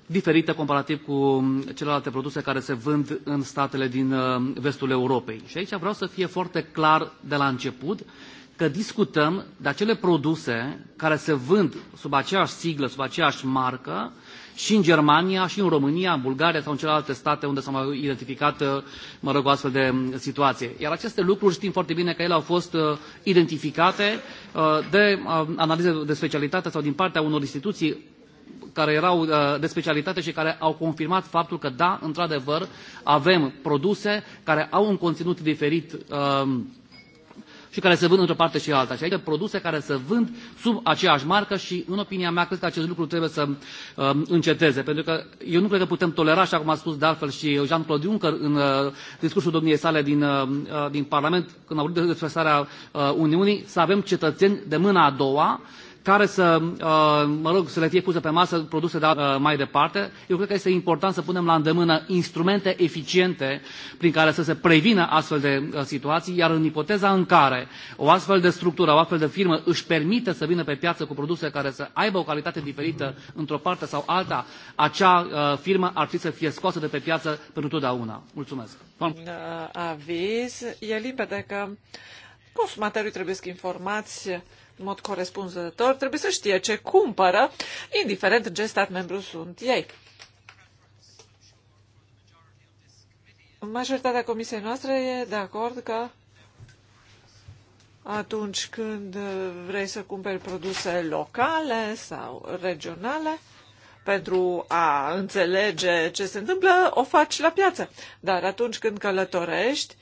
diferită comparativ cu celelalte produse care se vând în statele din uh, vestul Europei. Și aici vreau să fie foarte clar de la început că discutăm de acele produse care se vând sub aceeași siglă, sub aceeași marcă, și în Germania, și în România, în Bulgaria sau în celelalte state unde s-a mai identificat, uh, mă rog, o astfel de mm, situație. Iar aceste lucruri știm foarte bine că ele au fost uh, identificate uh, de analize de specialitate sau din partea unor instituții care erau de specialitate și care au confirmat faptul că, da, într-adevăr, avem produse care au un conținut diferit uh, și care se vând într-o parte și alta. Și aici produse care se vând sub aceeași marcă și, în opinia mea, cred că acest lucru trebuie să uh, înceteze. Pentru că eu nu cred că putem tolera, așa cum a spus de altfel și Jean-Claude Juncker în uh, discursul domniei sale din, uh, uh, din Parlament, când a vorbit despre starea uh, Uniunii, să avem cetățeni de mâna a doua care să, uh, mă rog, să le fie puse pe masă produse de uh, mai departe. Eu cred că este important să punem la îndemână instrumente eficiente prin care să se prevină astfel de uh, situații, iar în ipoteza în care o astfel de structură, o astfel de firmă își permite să vină pe piață cu produse care să aibă o calitate diferită într-o parte sau alta, acea firmă ar trebui să fie scoasă de pe piață pentru totdeauna. Mulțumesc. Aviz. E limpede că consumatorii trebuie să informați în mod corespunzător, trebuie să știe ce cumpără, indiferent în ce stat membru sunt ei. Majoritatea comisiei noastre e de acord că atunci când vrei să cumperi produse locale sau regionale, pentru a înțelege ce se întâmplă, o faci la piață. Dar atunci când călătorești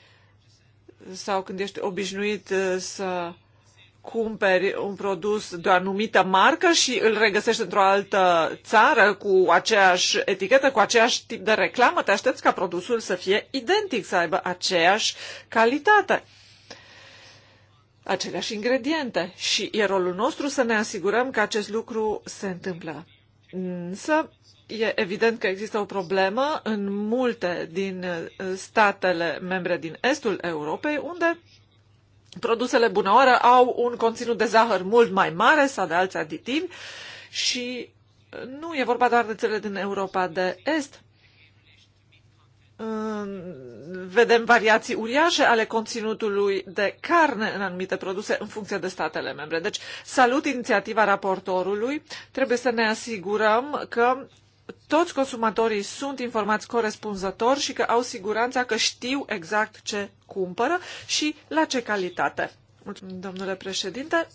sau când ești obișnuit uh, să cumperi un produs de o anumită marcă și îl regăsești într-o altă țară cu aceeași etichetă, cu aceeași tip de reclamă, te aștepți ca produsul să fie identic, să aibă aceeași calitate, aceleași ingrediente. Și e rolul nostru să ne asigurăm că acest lucru se întâmplă. Însă, e evident că există o problemă în multe din uh, statele membre din estul Europei, unde Produsele bunăoară au un conținut de zahăr mult mai mare sau de alți aditivi și nu e vorba doar de țările din Europa de Est. Vedem variații uriașe ale conținutului de carne în anumite produse în funcție de statele membre. Deci salut inițiativa raportorului. Trebuie să ne asigurăm că toți consumatorii sunt informați corespunzător și că au siguranța că știu exact ce cumpără și la ce calitate. Mulțumim, domnule președinte.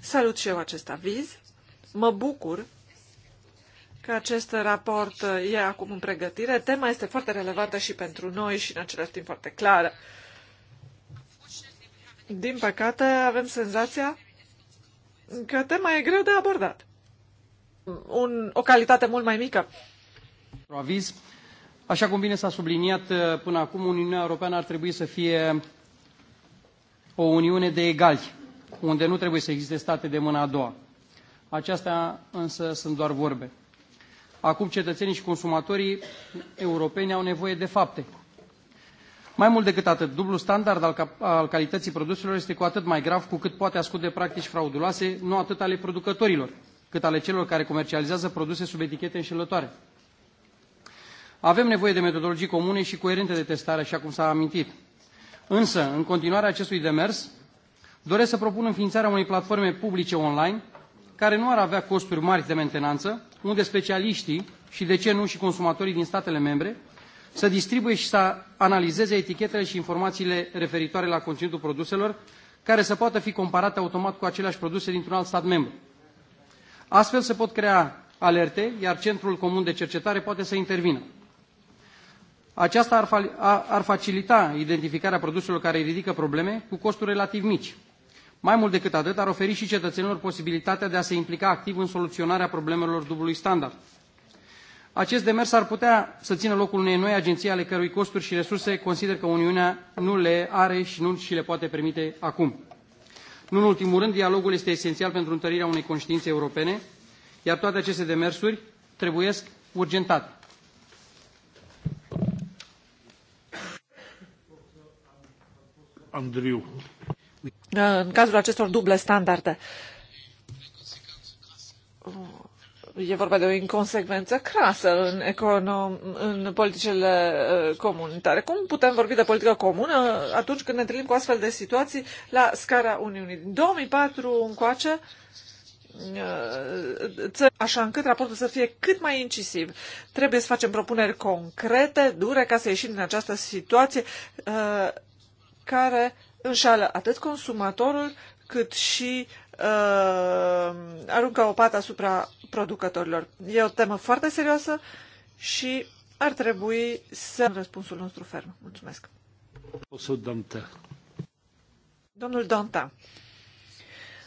Salut și eu acest aviz. Mă bucur că acest raport e acum în pregătire. Tema este foarte relevantă și pentru noi și în același timp foarte clară. Din păcate, avem senzația că tema e greu de abordat un, o calitate mult mai mică. Aviz. Așa cum bine s-a subliniat uh, până acum, Uniunea Europeană ar trebui să fie o Uniune de egali, unde nu trebuie să existe state de mâna a doua. Acestea însă sunt doar vorbe. Acum cetățenii și consumatorii europeni au nevoie de fapte. Mai mult decât atât, dublu standard al, al calității produselor este cu atât mai grav cu cât poate ascunde practici frauduloase, nu atât ale producătorilor, cât ale celor care comercializează produse sub etichete înșelătoare. Avem nevoie de metodologii comune și coerente de testare, așa cum s-a amintit. Însă, în continuarea acestui demers, doresc să propun înființarea unei platforme publice online, care nu ar avea costuri mari de mentenanță, unde specialiștii și, de ce nu, și consumatorii din statele membre să distribuie și să analizeze etichetele și informațiile referitoare la conținutul produselor, care să poată fi comparate automat cu aceleași produse dintr-un alt stat membru. Astfel se pot crea alerte, iar Centrul Comun de Cercetare poate să intervină. Aceasta ar, fa ar facilita identificarea produselor care ridică probleme cu costuri relativ mici. Mai mult decât atât, ar oferi și cetățenilor posibilitatea de a se implica activ în soluționarea problemelor dublului standard. Acest demers ar putea să țină locul unei noi agenții ale cărui costuri și resurse consider că Uniunea nu le are și nu și le poate permite acum. Nu în ultimul rând, dialogul este esențial pentru întărirea unei conștiințe europene, iar toate aceste demersuri trebuiesc urgentate. Andriu. În cazul acestor duble standarde, E vorba de o inconsecvență crasă în, econom, în politicile uh, comunitare. Cum putem vorbi de politică comună atunci când ne întâlnim cu astfel de situații la scara Uniunii? Din 2004 încoace, uh, așa încât raportul să fie cât mai incisiv. Trebuie să facem propuneri concrete, dure, ca să ieșim din această situație uh, care înșală atât consumatorul cât și uh, aruncă o pată asupra producătorilor. E o temă foarte serioasă și ar trebui să răspunsul nostru ferm. Mulțumesc. Domnul Donta.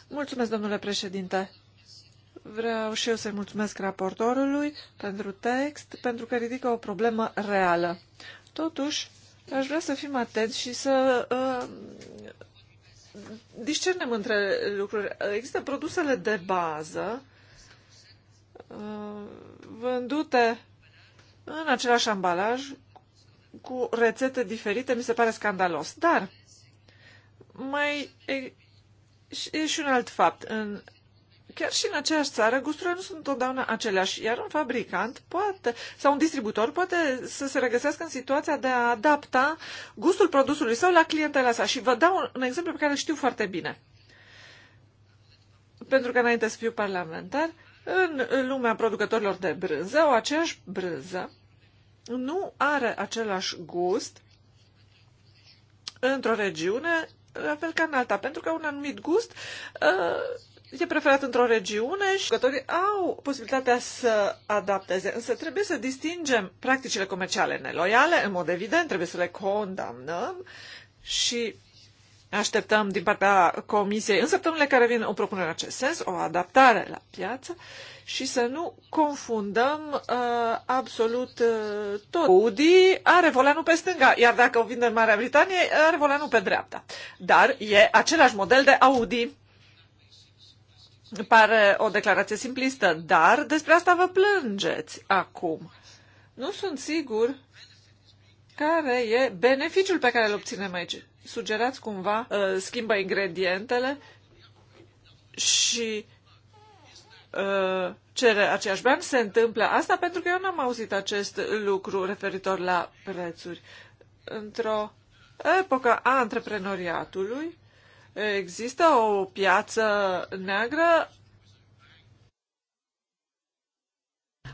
Mulțumesc, domnule președinte. Vreau și eu să-i mulțumesc raportorului pentru text, pentru că ridică o problemă reală. Totuși, aș vrea să fim atenți și să uh, discernem între lucruri. Există produsele de bază uh, vândute în același ambalaj cu rețete diferite, mi se pare scandalos. Dar mai e și un alt fapt. În Chiar și în aceeași țară, gusturile nu sunt întotdeauna aceleași, iar un fabricant poate, sau un distributor poate să se regăsească în situația de a adapta gustul produsului sau la clientele sa. Și vă dau un, un exemplu pe care îl știu foarte bine. Pentru că înainte să fiu parlamentar, în lumea producătorilor de brânză, o aceeași brânză nu are același gust într-o regiune, la fel ca în alta, pentru că un anumit gust uh, e preferat într-o regiune și jucătorii au posibilitatea să adapteze, însă trebuie să distingem practicile comerciale neloiale, în mod evident trebuie să le condamnăm și așteptăm din partea Comisiei în săptămânile care vin o propunere în acest sens, o adaptare la piață și să nu confundăm uh, absolut uh, tot. Audi are volanul pe stânga, iar dacă o vinde în Marea Britanie, are volanul pe dreapta. Dar e același model de Audi Pare o declarație simplistă, dar despre asta vă plângeți acum. Nu sunt sigur care e beneficiul pe care îl obținem aici. Sugerați cumva, uh, schimbă ingredientele și uh, cere aceeași bani. Se întâmplă asta pentru că eu n-am auzit acest lucru referitor la prețuri. Într-o epocă a antreprenoriatului, Există o piață neagră?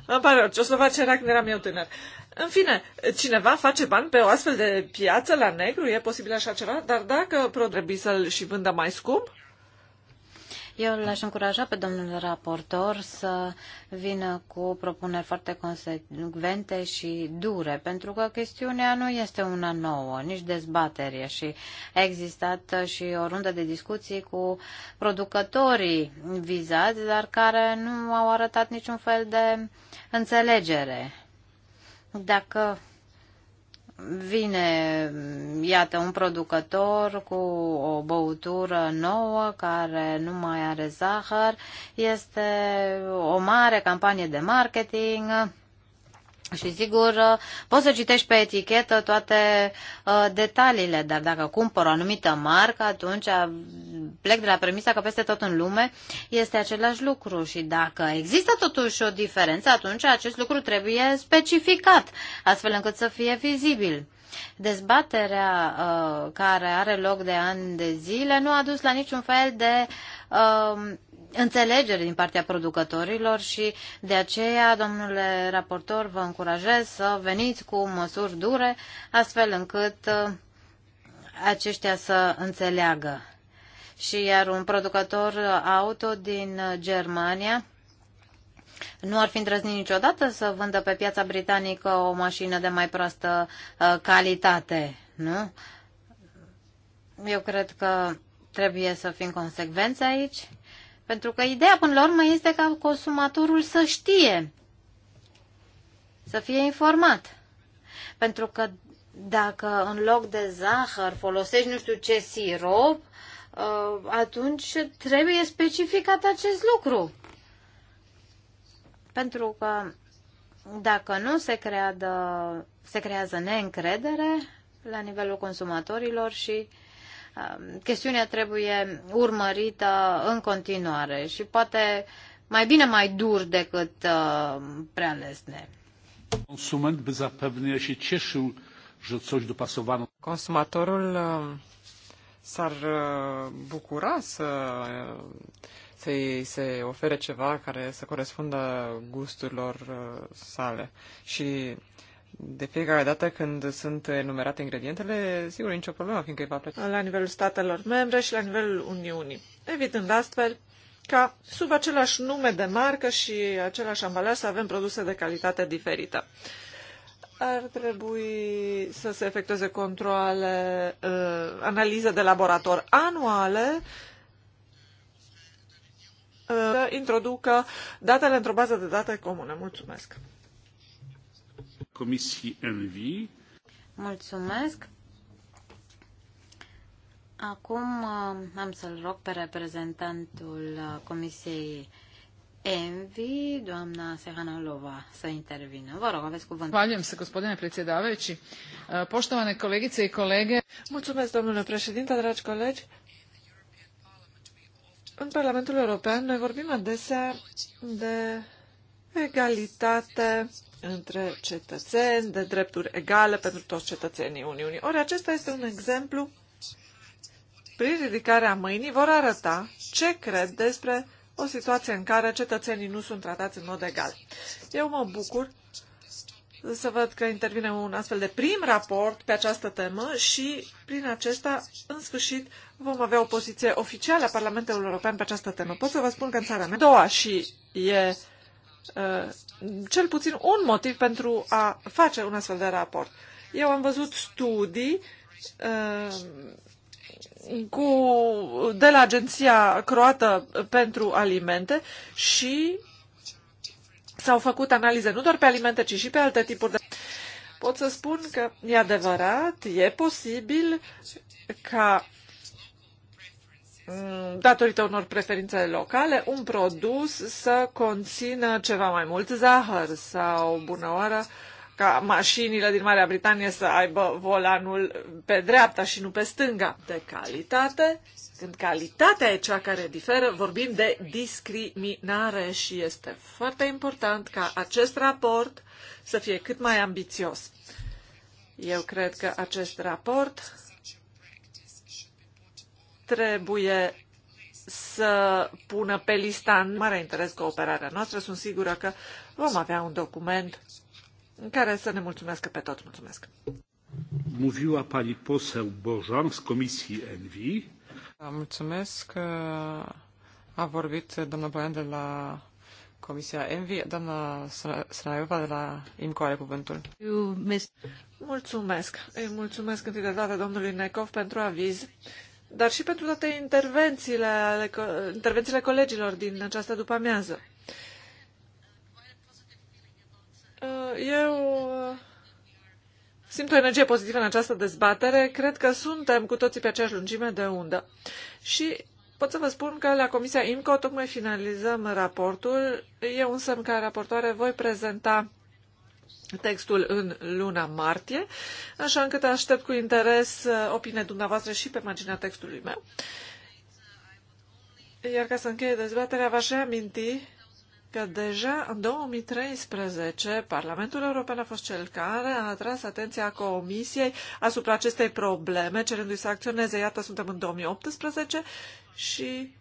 Îmi pare rău, ce o să fac era când eram eu tânăr. În fine, cineva face bani pe o astfel de piață la negru? E posibil așa ceva? Dar dacă trebuie să-l și vândă mai scump? Eu l-aș încuraja pe domnul raportor să vină cu propuneri foarte consecvente și dure, pentru că chestiunea nu este una nouă, nici dezbaterie și a existat și o rundă de discuții cu producătorii vizați, dar care nu au arătat niciun fel de înțelegere. Dacă vine, iată, un producător cu o băutură nouă care nu mai are zahăr. Este o mare campanie de marketing. Și sigur, poți să citești pe etichetă toate uh, detaliile, dar dacă cumpăr o anumită marcă, atunci plec de la premisa că peste tot în lume este același lucru și dacă există totuși o diferență, atunci acest lucru trebuie specificat, astfel încât să fie vizibil. Dezbaterea uh, care are loc de ani de zile nu a dus la niciun fel de uh, înțelegere din partea producătorilor și de aceea, domnule raportor, vă încurajez să veniți cu măsuri dure, astfel încât uh, aceștia să înțeleagă și iar un producător auto din Germania nu ar fi îndrăznit niciodată să vândă pe piața britanică o mașină de mai proastă uh, calitate, nu? Eu cred că trebuie să fim consecvenți aici, pentru că ideea până la urmă este ca consumatorul să știe, să fie informat. Pentru că dacă în loc de zahăr folosești nu știu ce sirop, Uh, atunci trebuie specificat acest lucru. Pentru că dacă nu se, creadă, se creează neîncredere la nivelul consumatorilor și um, chestiunea trebuie urmărită în continuare și poate mai bine mai dur decât uh, prea lesne. Consumatorul um, s-ar uh, bucura să uh, să-i se ofere ceva care să corespundă gusturilor uh, sale. Și de fiecare dată când sunt enumerate ingredientele, sigur, nicio problemă, fiindcă îi va plăcea. La nivelul statelor membre și la nivelul Uniunii. Evitând astfel ca sub același nume de marcă și același ambalaj să avem produse de calitate diferită ar trebui să se efectueze controle, uh, analize de laborator anuale, uh, să introducă datele într-o bază de date comună. Mulțumesc! Comisii Envi. Mulțumesc! Acum uh, am să-l rog pe reprezentantul Comisiei Envi, doamna Sehanalova, să intervină. Vă rog, aveți cuvântul. Valjem se, gospodine predsjedavajući. Poštovane kolegice i kolege. Mulțumesc, domnule președinte, dragi colegi. În Parlamentul European noi vorbim adesea de egalitate între cetățeni, de drepturi egale pentru toți cetățenii Uniunii. Ori acesta este un exemplu prin ridicarea mâinii vor arăta ce cred despre o situație în care cetățenii nu sunt tratați în mod egal. Eu mă bucur să văd că intervine un astfel de prim raport pe această temă și prin acesta, în sfârșit, vom avea o poziție oficială a Parlamentului European pe această temă. Pot să vă spun că în țara mea doua și e uh, cel puțin un motiv pentru a face un astfel de raport. Eu am văzut studii uh, cu, de la Agenția Croată pentru Alimente și s-au făcut analize nu doar pe alimente, ci și pe alte tipuri de. Pot să spun că e adevărat, e posibil ca mm, datorită unor preferințe locale, un produs să conțină ceva mai mult zahăr sau bună oară uh, ca mașinile din Marea Britanie să aibă volanul pe dreapta și nu pe stânga. De calitate, când calitatea e cea care diferă, vorbim de discriminare și este foarte important ca acest raport să fie cât mai ambițios. Eu cred că acest raport trebuie să pună pe lista în mare interes cooperarea noastră. Sunt sigură că vom avea un document care să ne mulțumească pe toți. Mulțumesc! Mówiła pani poseł Bożan z Komisji Envi. Da, mulțumesc. A vorbit doamna Bojan de la Comisia Envi. Doamna Sraiova de la IMCO are cuvântul. Mulțumesc. Îi mulțumesc întâi de toate domnului Necov pentru aviz, dar și pentru toate intervențiile, intervențiile colegilor din această după-amiază. Uh, eu uh, simt o energie pozitivă în această dezbatere. Cred că suntem cu toții pe aceeași lungime de undă. Și pot să vă spun că la Comisia IMCO tocmai finalizăm raportul. Eu însă, ca raportoare, voi prezenta textul în luna martie, așa încât aștept cu interes uh, opinia dumneavoastră și pe marginea textului meu. Iar ca să încheie dezbaterea, v-aș reaminti că deja în 2013 Parlamentul European a fost cel care a atras atenția Comisiei asupra acestei probleme, cerându-i să acționeze. Iată, suntem în 2018 și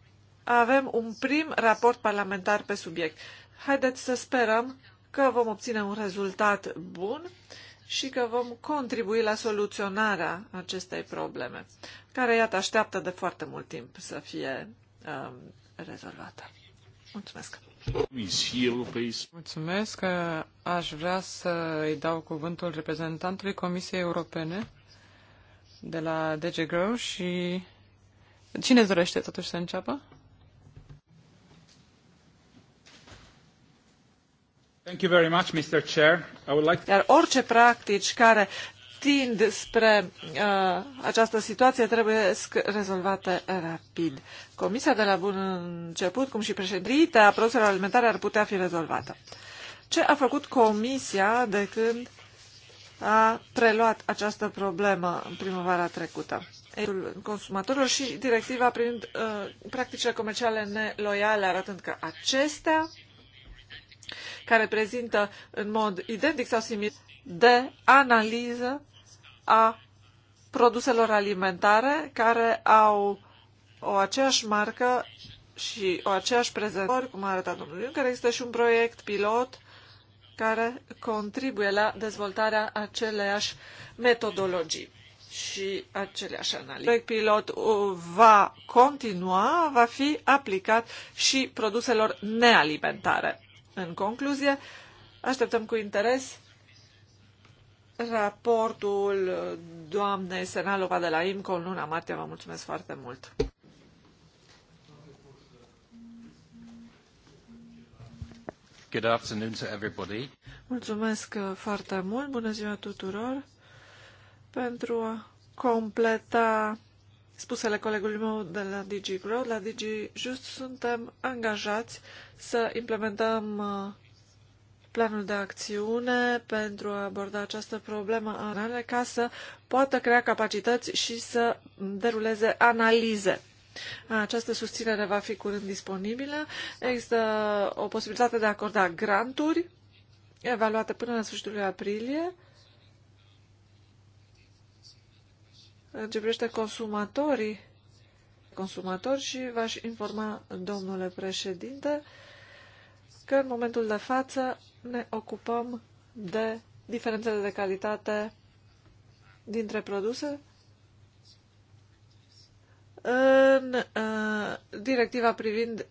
avem un prim raport parlamentar pe subiect. Haideți să sperăm că vom obține un rezultat bun și că vom contribui la soluționarea acestei probleme, care, iată, așteaptă de foarte mult timp să fie um, rezolvată. Mulțumesc. Mulțumesc. Aș vrea să îi dau cuvântul reprezentantului Comisiei Europene de la DG Grow și cine dorește totuși să înceapă? Thank you very much, Mr. Chair. I would like... Iar orice practici care tind spre uh, această situație trebuie rezolvate rapid. Comisia de la bun început, cum și a produselor alimentare, ar putea fi rezolvată. Ce a făcut Comisia de când a preluat această problemă în primăvara trecută? consumatorilor și directiva privind uh, practicile comerciale neloiale, arătând că acestea, care prezintă în mod identic sau similar, de analiză a produselor alimentare care au o aceeași marcă și o aceeași prezentare, cum a arătat domnul Juncker, există și un proiect pilot care contribuie la dezvoltarea aceleași metodologii și aceleași analize. Proiect pilot uh, va continua, va fi aplicat și produselor nealimentare. În concluzie, așteptăm cu interes raportul doamnei Senalova de la IMCO în luna martie. Vă mulțumesc foarte mult! Good afternoon to everybody. Mulțumesc uh, foarte mult, bună ziua tuturor, pentru a completa spusele colegului meu de la DG Grow. La DG Just suntem angajați să implementăm uh, planul de acțiune pentru a aborda această problemă anale ca să poată crea capacități și să deruleze analize. Această susținere va fi curând disponibilă. Există o posibilitate de a acorda granturi evaluate până la sfârșitul lui aprilie. În ce privește consumatorii, consumatori și v-aș informa, domnule președinte, că în momentul de față ne ocupăm de diferențele de calitate dintre produse în uh, directiva privind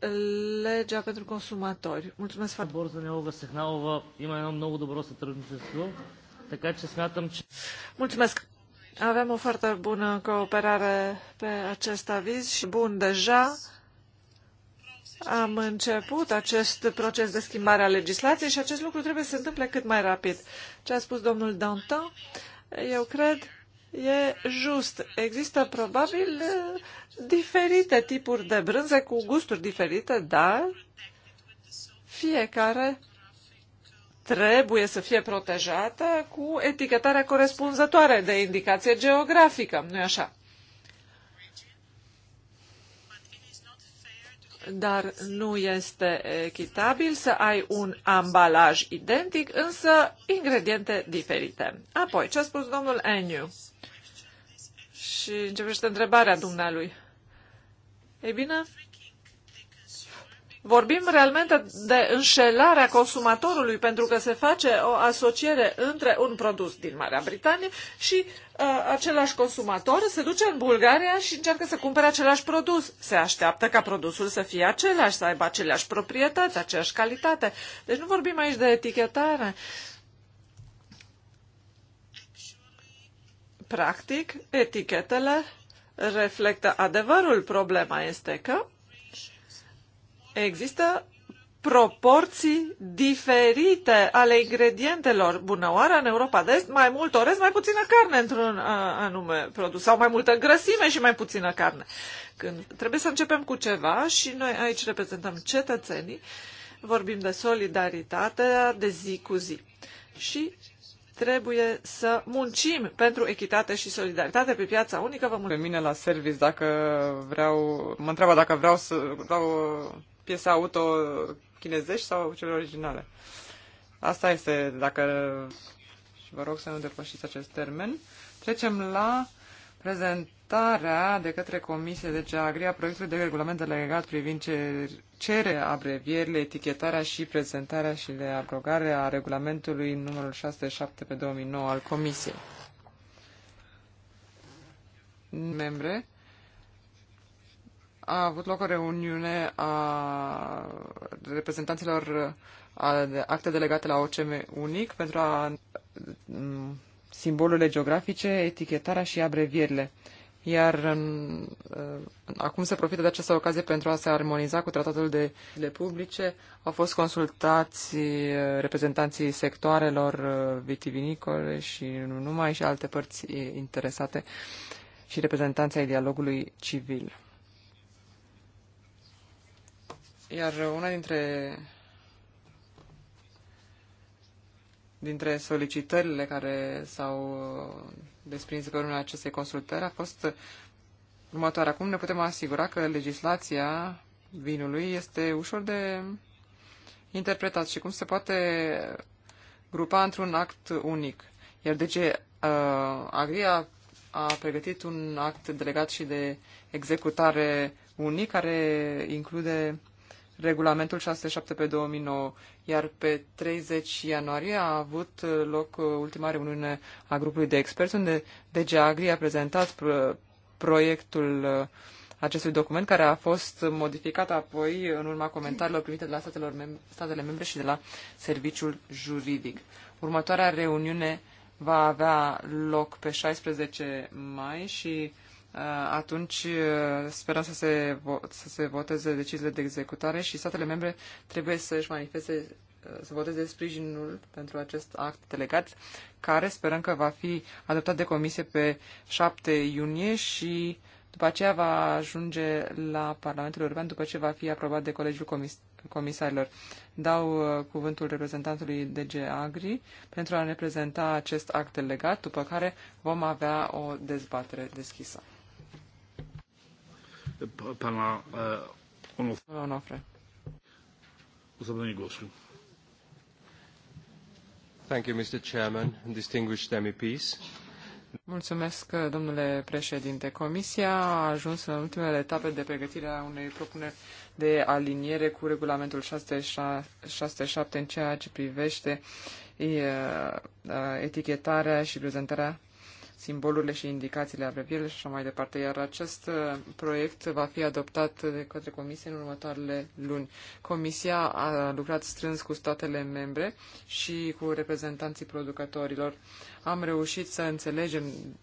legea pentru consumatori. Mulțumesc foarte mult. Борза Неова Сехналова има едно много добро сътрудничество, така че смятам, че... Mulțumesc. Avem o foarte bună cooperare pe acest aviz și bun deja. Am început acest proces de schimbare a legislației și acest lucru trebuie să se întâmple cât mai rapid. Ce a spus domnul Danton, eu cred, e just. Există probabil uh, diferite tipuri de brânze cu gusturi diferite, dar fiecare trebuie să fie protejată cu etichetarea corespunzătoare de indicație geografică, nu-i așa? dar nu este echitabil să ai un ambalaj identic, însă ingrediente diferite. Apoi, ce a spus domnul Eniu? Și începește întrebarea dumnealui. Ei bine, Vorbim realmente de înșelarea consumatorului pentru că se face o asociere între un produs din Marea Britanie și uh, același consumator se duce în Bulgaria și încearcă să cumpere același produs. Se așteaptă ca produsul să fie același, să aibă aceleași proprietăți, aceeași calitate. Deci nu vorbim aici de etichetare. Practic, etichetele reflectă adevărul. Problema este că Există proporții diferite ale ingredientelor. Bună oară, în Europa de Est, mai mult orez, mai puțină carne într-un anume produs sau mai multă grăsime și mai puțină carne. Când trebuie să începem cu ceva și noi aici reprezentăm cetățenii, vorbim de solidaritate de zi cu zi. Și trebuie să muncim pentru echitate și solidaritate pe piața unică. Vă mulțumesc. Pe mine la service, dacă vreau, mă întreabă dacă vreau să vreau piese auto chinezești sau cele originale. Asta este, dacă și vă rog să nu depășiți acest termen. Trecem la prezentarea de către Comisie de Geagri a proiectului de regulament legat privind cere abrevierile, etichetarea și prezentarea și de abrogare a regulamentului numărul 67 pe 2009 al Comisiei. Membre, a avut loc o reuniune a reprezentanților de acte delegate la OCM unic pentru a mm, simbolurile geografice, etichetarea și abrevierile. Iar în, acum se profită de această ocazie pentru a se armoniza cu tratatul de publice. Au fost consultați reprezentanții sectoarelor vitivinicole și nu numai, și alte părți interesate și reprezentanții ai dialogului civil. Iar una dintre dintre solicitările care s-au desprins pe urmele acestei consultări a fost următoarea. Cum ne putem asigura că legislația vinului este ușor de interpretat și cum se poate grupa într-un act unic. Iar de ce uh, Agria a pregătit un act delegat și de executare unic care include regulamentul 607 pe 2009, iar pe 30 ianuarie a avut loc ultima reuniune a grupului de experți, unde DG Agri a prezentat proiectul acestui document, care a fost modificat apoi în urma comentariilor primite de la statelor mem- statele membre și de la serviciul juridic. Următoarea reuniune va avea loc pe 16 mai și Uh, atunci uh, sperăm să se, să se voteze deciziile de executare și statele membre trebuie să își manifeste, uh, să voteze sprijinul pentru acest act delegat, care sperăm că va fi adoptat de comisie pe 7 iunie și după aceea va ajunge la Parlamentul European după ce va fi aprobat de Colegiul Comis- Comisarilor. Dau uh, cuvântul reprezentantului DG Agri pentru a ne prezenta acest act delegat, după care vom avea o dezbatere deschisă pana Onofre o zabranie głosu. Thank you, Mr. Chairman, distinguished MEPs. Mulțumesc, domnule președinte. Comisia a ajuns în ultimele etape de pregătire a unei propuneri de aliniere cu regulamentul 667 în ceea ce privește etichetarea și prezentarea simbolurile și indicațiile, abrevierile și așa mai departe, iar acest uh, proiect va fi adoptat de către Comisie în următoarele luni. Comisia a lucrat strâns cu statele membre și cu reprezentanții producătorilor. Am reușit să înțelegem,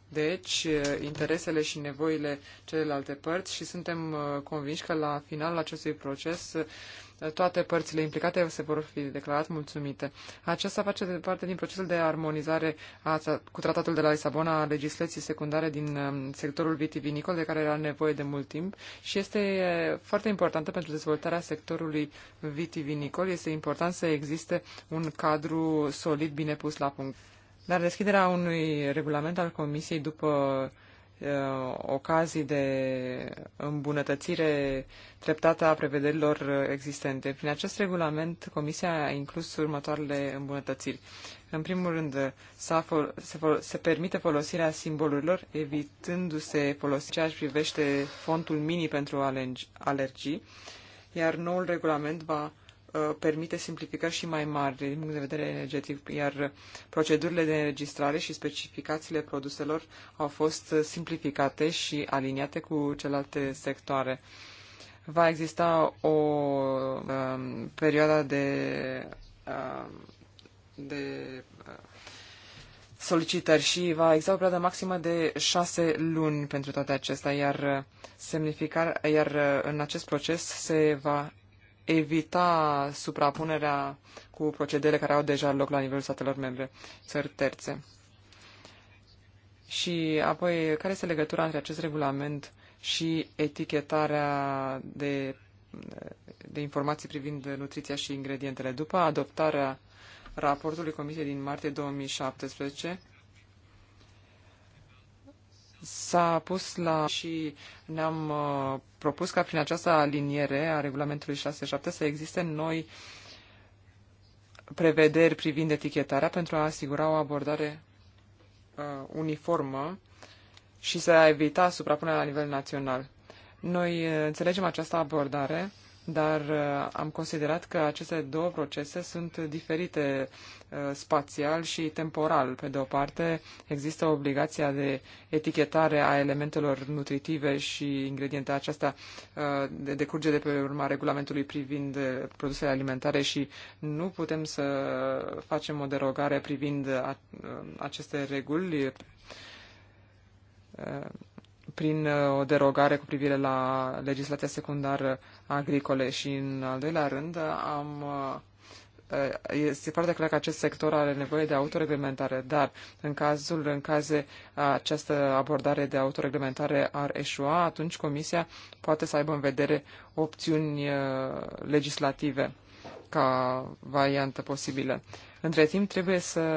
deci, eh, interesele și nevoile celelalte părți și suntem eh, convinși că la finalul acestui proces eh, toate părțile implicate se vor fi declarat mulțumite. Aceasta face parte din procesul de armonizare a, cu tratatul de la Lisabona a legislației secundare din sectorul vitivinicol, de care era nevoie de mult timp și este foarte importantă pentru dezvoltarea sectorului vitivinicol. Este important să existe un cadru solid, bine pus la punct. Dar deschiderea unui regulament al Comisiei după uh, ocazii de îmbunătățire treptată a prevederilor existente. Prin acest regulament, Comisia a inclus următoarele îmbunătățiri. În primul rând, se, se permite folosirea simbolurilor, evitându-se folosirea ce privește fontul mini pentru alergii, iar noul regulament va Uh, permite simplificări și mai mari din punct de vedere energetic, iar procedurile de înregistrare și specificațiile produselor au fost simplificate și aliniate cu celelalte sectoare. Va exista o um, perioadă de, um, de uh, solicitări și va exista o perioadă maximă de șase luni pentru toate acestea, iar, uh, semnificar, iar în acest proces se va evita suprapunerea cu procedele care au deja loc la nivelul statelor membre, țări terțe. Și apoi, care este legătura între acest regulament și etichetarea de, de informații privind nutriția și ingredientele? După adoptarea raportului Comisiei din martie 2017, s-a pus la și ne-am uh, propus ca prin această aliniere a regulamentului 67 să existe noi prevederi privind etichetarea pentru a asigura o abordare uh, uniformă și să evita suprapunerea la nivel național. Noi uh, înțelegem această abordare dar uh, am considerat că aceste două procese sunt diferite uh, spațial și temporal. Pe de o parte, există obligația de etichetare a elementelor nutritive și ingrediente. Aceasta uh, decurge de pe urma regulamentului privind produsele alimentare și nu putem să facem o derogare privind aceste reguli prin o derogare cu privire la legislația secundară agricole și, în al doilea rând, am este eh, foarte clar că acest sector are nevoie de autoreglementare, dar în cazul în care această abordare de autoreglementare ar eșua, atunci Comisia poate să aibă în vedere opțiuni eh, legislative ca variantă posibilă. Între timp trebuie să